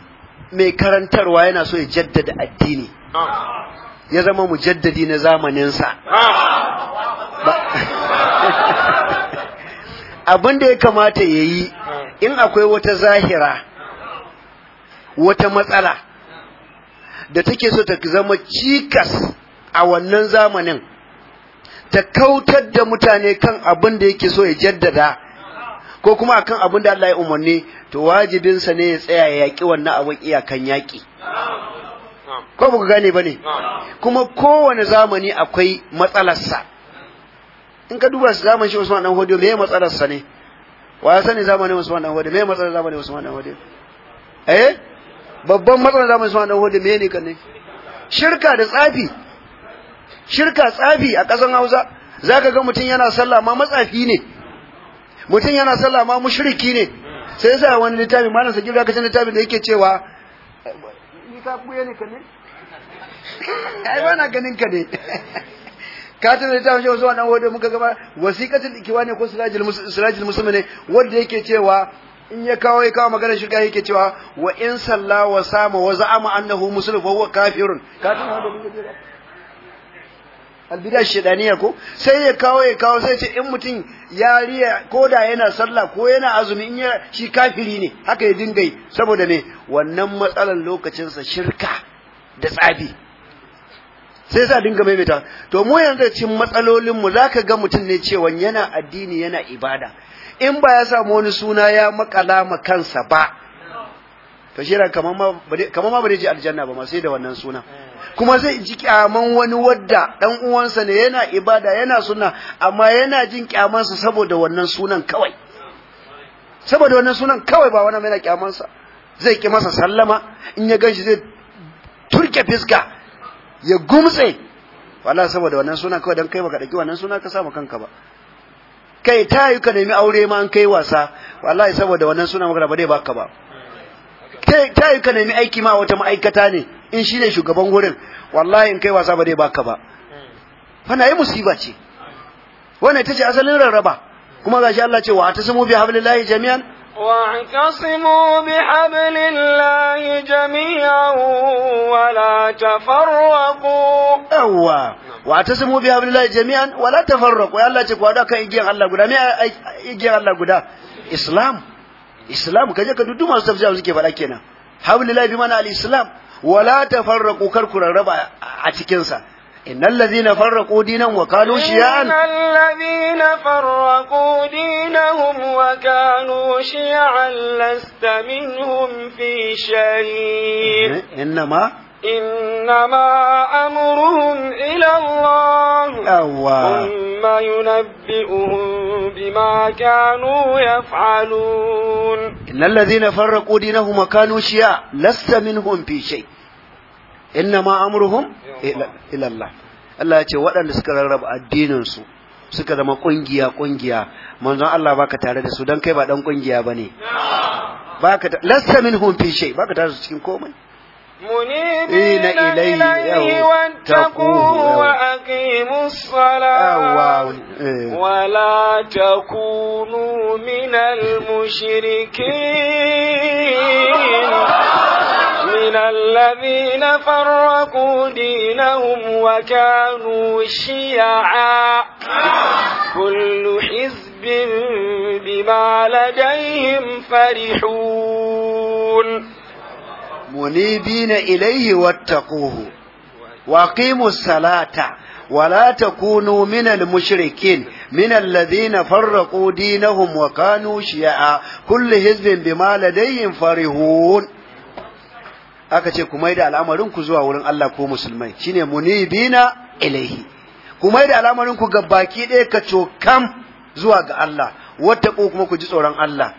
Speaker 1: mai karantarwa yana so ya jaddada addini ah. ya zama mujaddadi na zamaninsa abin da ya kamata ya yi in akwai wata zahira wata matsala da take so ta zama cikas a wannan zamanin ta kautar da mutane kan abin da yake so ya jaddada ko kuma akan abin da Allah ya umarni to wajibinsa ne ya tsaya ya yaƙi wannan abin iyakan yaƙi ko ku gane ba ne kuma kowane zamani akwai matsalarsa in ka duba zamanin shi Usman dan Hodiyo mai matsalarsa ne wa ya sani zamanin Usman dan Hodiyo meye matsalar zamanin Usman dan Hodiyo eh babban matsalar zamanin Usman dan Hodiyo meye ne kan ne shirka da tsafi shirka tsafi a kasan Hausa za ka ga mutum yana sallah ma matsafi ne mutum yana sallah ma mushriki ne sai sa wani littafi malam sakir da kacin littafin da yake cewa ta ka buye ne ka ne ai ba na ganin ka ne katin da ta mashi zuwa nan wadda muka gaba wasiƙatul ikiwa ne ko sirajil musulmi ne wanda yake cewa in ya kawo ya kawo maganar shiga yake cewa wa in salla wa sama wa za'ama annahu muslim fa huwa kafirun katin da muka gaba albidar shedaniya ko sai ya kawo ya kawo sai ce in mutum ya riya ko yana sallah ko yana azumi in ya shi kafiri ne haka ya dinga yi saboda me wannan matsalar lokacinsa shirka da tsabi sai sa dinga maimaita to mu yanzu cikin matsalolin mu zaka ga mutum ne cewa yana addini yana ibada in ba ya samu wani suna ya makala ma kansa ba to shi kamar ma kamar ma bare aljanna ba ma sai da wannan suna kuma zai ji kyaman wani wadda dan uwansa ne yana ibada yana sunna amma yana jin kyamansa saboda wannan sunan kawai saboda wannan sunan kawai ba wannan yana kyamansa zai ki masa sallama in ya ganshi zai turke fiska ya gumtse wala saboda wannan sunan kawai dan kai baka daki wannan sunan ka sa kanka ba kai ta yi ka nemi aure ma an kai wasa wallahi saboda wannan sunan magana ba dai baka ba kai ta yi ka nemi aiki ma wata ma'aikata ne in ne shugaban wurin wallahi in kai wasa ba zai baka ba fana yi musiba ce wannan ita ce asalin rarraba kuma shi Allah ce wa tasmu bi hablillahi jami'an
Speaker 2: واعتصموا بحبل الله جميعا ولا تفرقوا
Speaker 1: أوا واعتصموا بحبل الله جميعا ولا تفرقوا يا الله تقوى دا كان يجي الله غدا مي Allah guda. Islam Islam اسلام ka كدو ما تفسير suke fada kenan hablillah bi mana al-islam wala tafarraqu kar ku rarraba a cikinsa sa innal ladhina farraqu dinahum wa kanu shiyan innal
Speaker 2: ladhina farraqu dinahum wa kanu shiyan
Speaker 1: lasta minhum fi
Speaker 2: إنما أمرهم إلى الله
Speaker 1: أوه.
Speaker 2: ثم ينبئهم بما كانوا يفعلون
Speaker 1: إن الذين فرقوا دينهم وكانوا شيعا لست منهم في شيء إنما أمرهم إلى الله Allah ya ce waɗanda suka rarraba addininsu suka zama kungiya kungiya manzon Allah baka tare da su dan kai ba dan kungiya bane ba ka lasta minhum
Speaker 2: fi shay baka tare su cikin komai
Speaker 1: منيبين إليه واتقوه
Speaker 2: وأقيموا الصلاة إيه. ولا تكونوا من المشركين من الذين فرقوا دينهم وكانوا شيعا كل حزب بما لديهم فرحون
Speaker 1: munibina ilaihi wattaquhu wa musalata. salata ولا تكونوا من المشركين من الذين فرقوا دينهم وكانوا شيعا كل حزب بما لديهم فرحون aka ce ku maida al'amarin ku zuwa wurin Allah ko musulmai shine munibina ilaihi ku da al'amarin ku ga baki ɗaya ka cokam zuwa ga Allah wata ko kuma ku ji tsoron Allah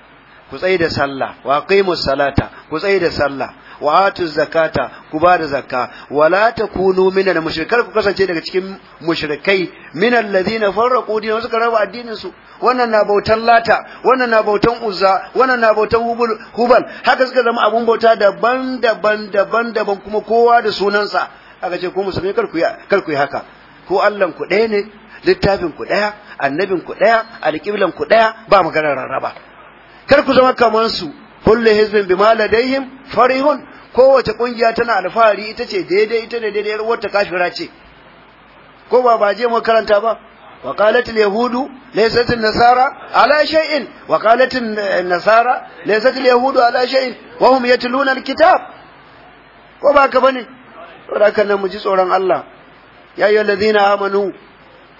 Speaker 1: ku tsaye da sallah wa qimus salata ku tsaye da sallah wa atu zakata ku ba da zakka wala takunu minal mushrikar ku kasance daga cikin mushrikai minal ladina farraqu dinu suka raba addinin su wannan na bautan lata wannan na bautan uzza wannan na bautan hubul hubal haka suka zama abun bauta daban-daban daban-daban kuma kowa da sunansa aka ce ku musulmi kar ku yi kar ku yi haka ko Allah ku ɗaya ne littafin ku ɗaya annabin ku ɗaya alƙiblan ku ɗaya ba maganar rarraba kar ku zama kamar su kullu hizbin bima ladaihim farihun kowace kungiya tana alfahari ita ce daidai ita ne daidai ruwar ta kafira ce ko ba ba je karanta ba wa qalat al yahudu laysat al nasara ala shay'in wa qalat al eh, nasara laysat al yahudu ala shay'in wa hum yatluna al kitab ko ba ka bane saboda kan nan mu ji tsoron Allah ya ayyuhal Ladina amanu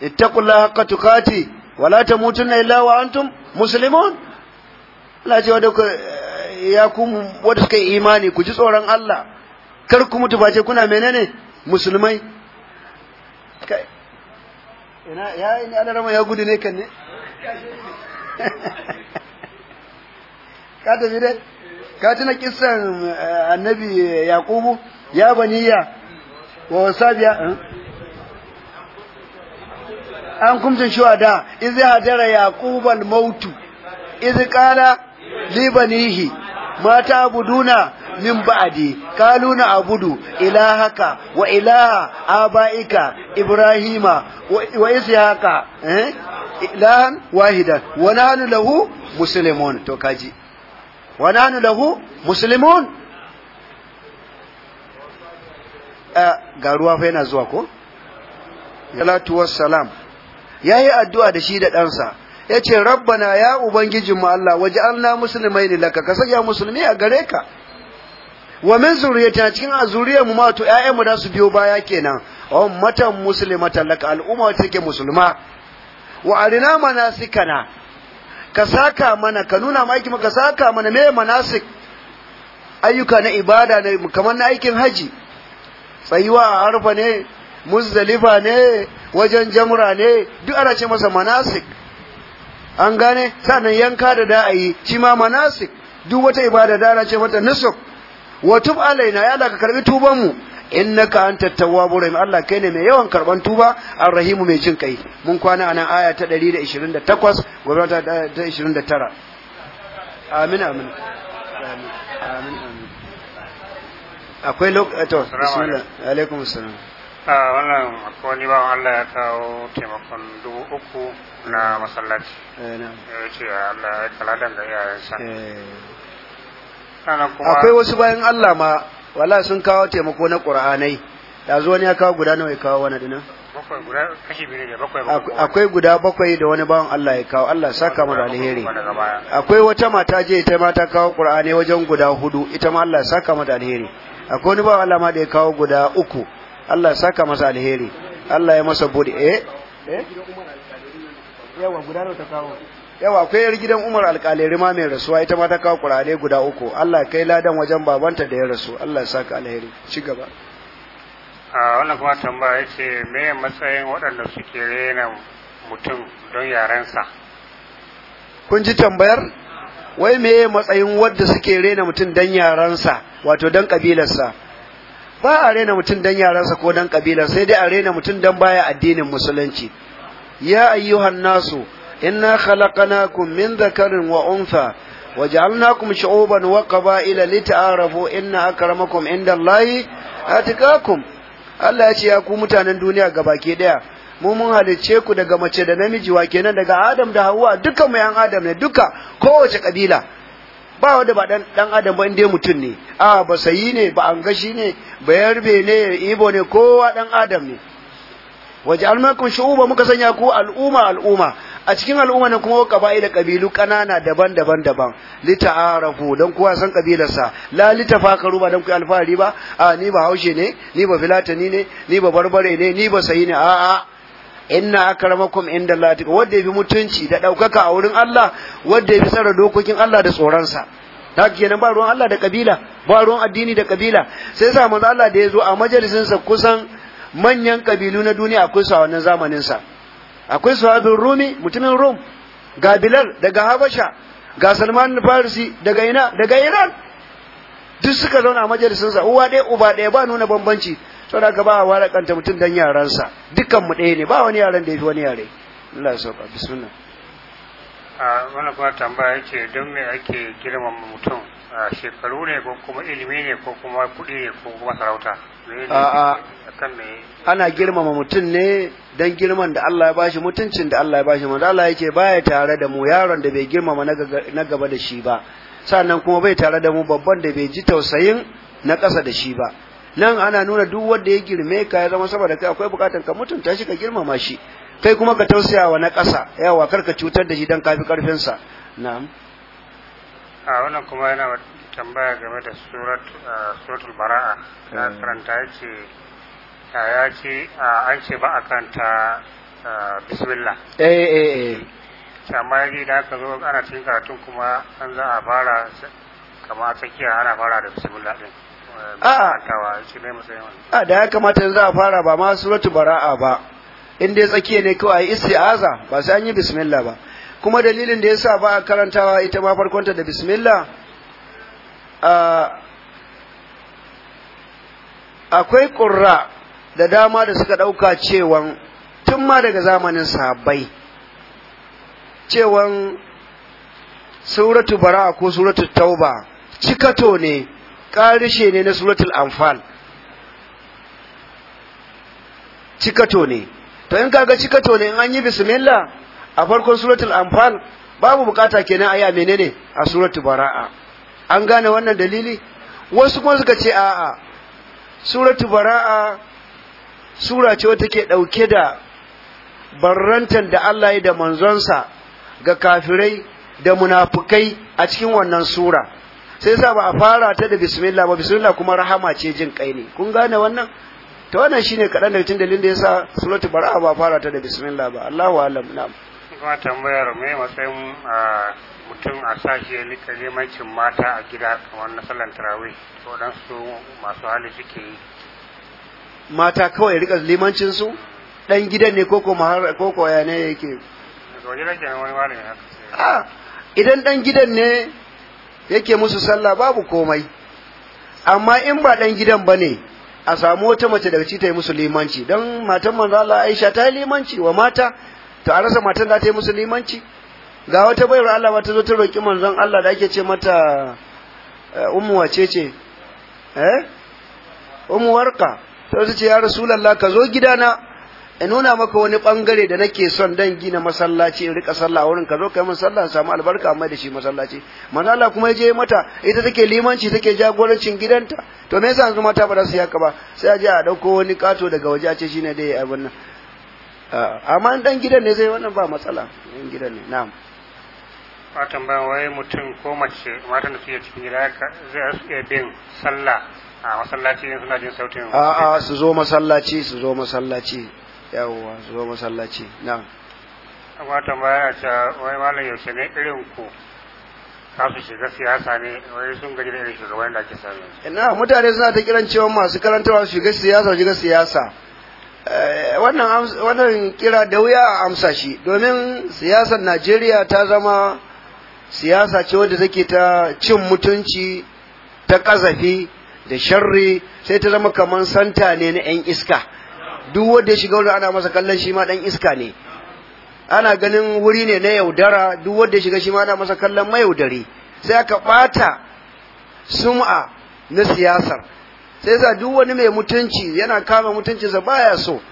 Speaker 1: ittaqullaha haqqa tuqati wa la tamutunna illa wa antum muslimun Allah ce wa eh, ya ku wanda suka yi imani ku ji tsoron Allah kar ku mutu face kuna menene musulmai ina ya ni alarama ya gudu ne kan ne ka tafi dai ka tuna kissan eh, annabi yaqubu ya baniya wa wasabiya eh? an kumtun shuhada iz hadara yaqubal mautu Izi qala libanihi mata buduna min ba'di kalu na abudu ilahaka wa ilaha abaika ibrahima wa ishaqa eh ilahan wahida wa nahnu lahu muslimun to kaji wa nahnu lahu muslimun a eh, garuwa fa yana zuwa ko salatu wassalam yayi addu'a da shi da dansa. ya ce rabbana ya mu Allah waje alna musulmai ne laka ka sanya musulmi a gare ka wa min zuriyatina cikin azuriyar mu ma to ƴaƴan mu da su biyo baya kenan ummatan muslimatan laka al'umma take musulma wa arina manasikana ka saka mana ka nuna ma aiki ka saka mana me manasik ayyuka na ibada ne kamar na aikin haji tsayuwa a arfa ne muzdalifa ne wajen jamra ne duk ana ce masa manasik an gane sannan yanka da da shi ma manasik duk wata ibada da ana ce mata nusuk wa tub alaina ya Allah ka karbi tuban mu innaka antat tawwabur rahim Allah kai ne mai yawan karban tuba arrahim mai jin kai mun kwana anan aya ta 128 gobe ta 29 amin amin amin amin akwai eh, to bismillah alaikum assalam
Speaker 3: a ah, wannan akwai ni ba Allah ya kawo taimakon dubu uku
Speaker 1: na masallaci eh, eh. akwai wasu bayan Allah ma wala sun kawo taimako na ƙur'anai da zuwa ne ya kawo guda nawa ya kawo wani dina? akwai guda bakwai da wani bawan Allah ya kawo Allah saka mu da alheri akwai wata mata je ita ma ta kawo qur'ani wajen guda hudu ita ma Allah saka mu da alheri akwai wani bawan Allah ma da ya kawo guda uku Allah saka masa alheri Allah ya masa buɗe. eh eh yawa guda nawa ta kawo yawa akwai yar gidan Umar alƙalai rima mai rasuwa ita ma ta kawo kurare guda uku Allah kai ladan wajen babanta da ya rasu Allah ya saka alheri ci gaba
Speaker 3: a wannan kuma tambaya yace me matsayin waɗanda suke rena mutum don yarensa
Speaker 1: kun ji tambayar wai me matsayin wadda suke rena mutum don yarensa wato don kabilarsa ba a rena mutum don yarensa ko don kabilar sai dai a rena mutum don baya addinin musulunci يا أيها الناس إنا خلقناكم من ذكر وأنثى وجعلناكم شعوبا وقبائل لتعارفوا إن أكرمكم عند الله أتقاكم Allah ya ce ya ku mutanen duniya gabaki daya mu mun halicce ku daga mace da namiji wa kenan daga Adam da Hawwa duka mu yan Adam ne duka kowace kabila ba wanda ba dan Adam ba inda mutum ne a ba sayi ne ba an gashi ne ba yarbe ne Ibo ne kowa dan Adam ne waj'alnakum shu'uban muka sanya ku al'umma al'umma a cikin al'umma ne kuma da kabilu kanana daban-daban daban lita'arafu dan kowa san kabilarsa la litafakaru ba dan ku alfahari ba a ni ba haushe ne ni ba filatani ne ni ba barbare ne ni ba sayi ne a'a inna akramakum inda Allah tika wanda yafi mutunci da daukaka a wurin Allah wanda yafi sarra dokokin Allah da tsoronsa ta kenan ba ruwan Allah da kabila ba ruwan addini da kabila sai sa manzo Allah da yazo a majalisinsa kusan manyan kabilu na duniya akwai su a wannan zamanin sa akwai abin rumi mutumin rum ga bilal daga habasha ga salman farisi daga ina daga iran duk suka zauna a majalisin sa uwa ɗaya uba ɗaya ba nuna bambanci saboda ka ba wa kanta mutum dan yaransa dukkan mu ɗaya ne ba wani yaran da yafi wani yare Allah ya sauka bismillah
Speaker 3: a wani kuma tambaya yake don me ake girmama mutum shekaru ne ko kuma ilimi ne ko kuma kuɗi ne ko kuma sarauta
Speaker 1: ana girmama mutum ne don girman da Allah ya bashi mutuncin da Allah ya bashi manzo Allah ya ce baya tare da mu yaron da bai girmama na gaba da shi ba sannan kuma bai tare da mu babban da bai ji tausayin na ƙasa da shi ba nan ana nuna duk wanda ya girme ka ya zama saboda kai akwai bukatar ka mutunta shi ka girmama shi kai kuma ka tausaya wa na kasa yawa karka cutar da shi don kafi karfinsa na'am
Speaker 3: a wannan kuma yana tambaya game da suratul bara'a na eh. karanta ya ce ya ce an ce ba a kanta bismillah
Speaker 1: eh eh
Speaker 3: eh amma yaji da aka zo ana cikin karatun kuma an za a fara kama a tsakiya ana fara da bismillah din eh, ah.
Speaker 1: a ah, da ya kamata za a fara ba ma suratul bara'a ba in dai tsakiya ne kawai isti'aza ba sai an yi bismillah ba kuma dalilin da yasa ba a karantawa ita ma farkonta da bismillah akwai ƙurra da dama da suka ɗauka cewan tun ma daga zamanin sahabbai cewan suratu bara'a ko suratu tauba cikato ne ƙarishe ne na suratul anfal cikato ne to in kaga cikato ne in an yi bismillah a farkon suratul anfal babu bukata kenan aya menene a suratul bara'a an gane wannan dalili wasu kuma suka ce a'a suratu bara'a sura ce wata ke dauke da barrantan da Allah ya da manzonsa ga kafirai da munafukai a cikin wannan sura sai sa ba a fara ta da bismillah ba bismillah kuma rahama ce jin kai ne kun gane wannan ta wannan shine kaɗan daga cikin dalilin da yasa suratu bara'a ba fara ta da bismillah ba Allahu a'lam na'am
Speaker 3: kuma tambayar me matsayin mutum a sashi ya rika limancin mata a gida kamar na sallan tarawe waɗansu masu hali suke yi
Speaker 1: mata kawai rika limancin su dan gidan ne koko mahar koko ya ne yake idan dan gidan ne yake musu sallah babu komai amma in ba dan gidan ba ne a samu wata mace daga ci ta yi musu limanci don matan manzala Aisha ta yi limanci wa mata to a rasa matan da ta yi musulmanci ga wata bayar Allah ba ta zo ta roƙi manzon Allah da ake ce mata eh, ummu wace ce eh ummu warqa ta ce ya rasulullahi ka zo gidana in nuna maka wani bangare da nake son dan gina masallaci in rika sallah wurin ka zo kai mun sallah samu albarka amma da shi masallaci Allah kuma ya je mata ita take limanci take jagorancin gidanta to me yasa yanzu mata ba za su yaka ba sai a je a dauko wani kato daga waje a ce shine dai abin nan Ah, amma in dan gidan ne zai wannan ba matsala in gidan ne na'am
Speaker 3: a ba wai mutum ko mace matan da suke cikin gida zai su iya bin sallah a masallaci in suna jin sautin a a
Speaker 1: su zo masallaci su zo masallaci yawwa su zo masallaci na'am
Speaker 3: amma tambaya ta wai malam yaushe ne irin ku za su shiga siyasa ne wai sun gaji da irin shugaban da ake samu
Speaker 1: eh, na mutane suna ta kiran cewa masu karantawa shiga siyasa shiga siyasa Eh, wannan kira da wuya a amsa shi domin siyasar najeriya ta zama siyasa ce wadda take ta cin mutunci ta kazafi da sharri sai ta zama kamar santa ne na 'yan iska duk wanda ya shiga wurin ana masa kallon shi ma dan iska ne ana ganin wuri ne na yaudara duk wanda ya shiga shi ma ana masa kallon mayaudari sai aka bata sum'a na siyasar sai sa duk wani mai mutunci yana kama mutuncinsa baya so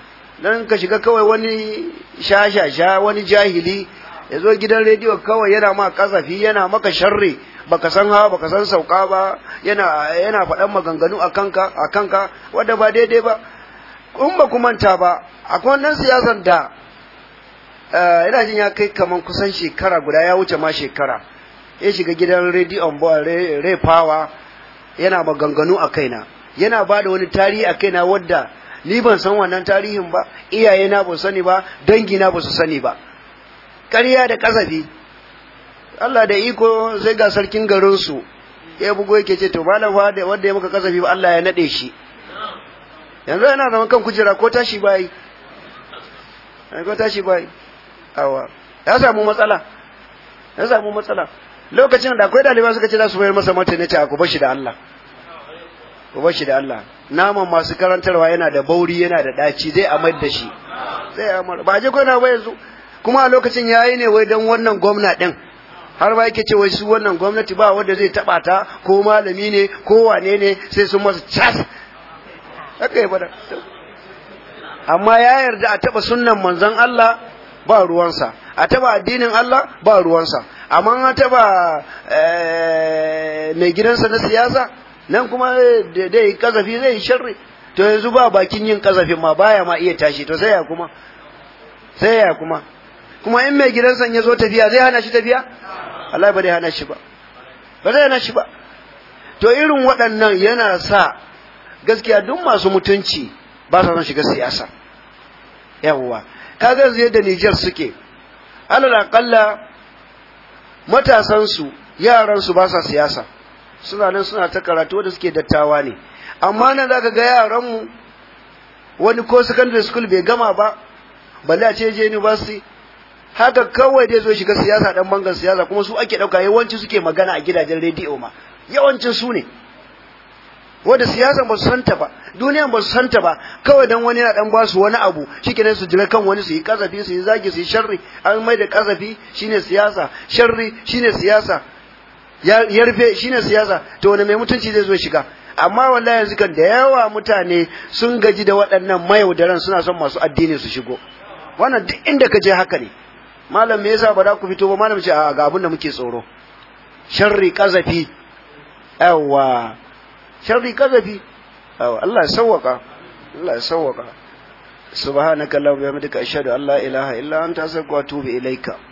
Speaker 1: don ka shiga kawai wani shashasha wani jahili ya zo gidan rediyo kawai yana ma kasafi yana maka sharri baka san ba baka san sauka ba yana faɗan maganganu a kanka a kanka wanda ba daidai ba in ba manta ba akwai wannan siyasan da eh, ina jin ya kai kaman kusan shekara guda ya wuce ma shekara ya shiga gidan rediyon fawa yana maganganu a kaina yana ba da wani tarihi a kaina wadda ni ban san wannan tarihin ba iyayena ba sani ba dangina ba su sani ba ƙarya da ƙazafi Allah da iko zai ga sarkin garinsu ya bugo yake ce to malam fa da wanda ya muka ƙazafi ba Allah ya nade shi yanzu yana zaman kan kujera ko tashi bai eh, ko tashi bai awa ya samu matsala ya samu matsala lokacin da akwai dalibai suka ce za su bayar masa mata ne ce a ku bashi da Allah ku shi da Allah naman masu karantarwa yana da bauri yana da daci zai amar da shi zai amar ba je kwana ba yanzu kuma a lokacin yayi ne wai dan wannan gwamna din har ba yake ce wai su wannan gwamnati ba wanda zai taba ta ko malami ne ko wane ne sai sun masa cas haka amma ya yarda a taba sunnan manzon Allah ba ruwansa a taba addinin Allah ba ruwansa amma a taba eh, mai gidansa na siyasa nan kuma eh, da dai kazafi zai yi sharri to yanzu ba bakin yin kazafi ma baya ma iya tashi to sai ya kuma sai ya kuma kuma in mai gidansa ya zo tafiya zai hana shi tafiya Allah ba zai hana shi ba ba zai hana shi ba to irin waɗannan yana sa gaskiya duk masu mutunci ba sa son shiga siyasa yawwa kaga yanzu yadda Niger suke alal aqalla matasan su yaran su ba sa siyasa suna nan suna ta karatu da suke dattawa ne amma nan za ka ga yaranmu wani ko secondary school bai gama ba balle a ce je university haka kawai dai zo shiga siyasa dan bangan siyasa kuma su ake dauka yawanci suke magana a gidajen rediyo ma yawancin su ne wanda siyasan ba su santa ba duniya ba su santa ba kawai dan wani na dan ba su wani abu ne su jira kan wani su yi kazafi su yi zagi su yi sharri an mai da kazafi shine siyasa sharri shine siyasa ya rufe shine siyasa to wani mai mutunci zai zo shiga amma wallahi yanzu kan da yawa mutane sun gaji da waɗannan mayaudaran suna son masu addini su shigo wannan duk inda ka je haka ne malam me yasa ba za ku fito ba malam ce a ga abin da muke tsoro sharri kazafi yawa sharri kazafi yawa Allah ya sawwaka Allah ya sawwaka subhanaka allahumma wa bihamdika ashhadu an la ilaha illa anta astaghfiruka wa atubu ilaika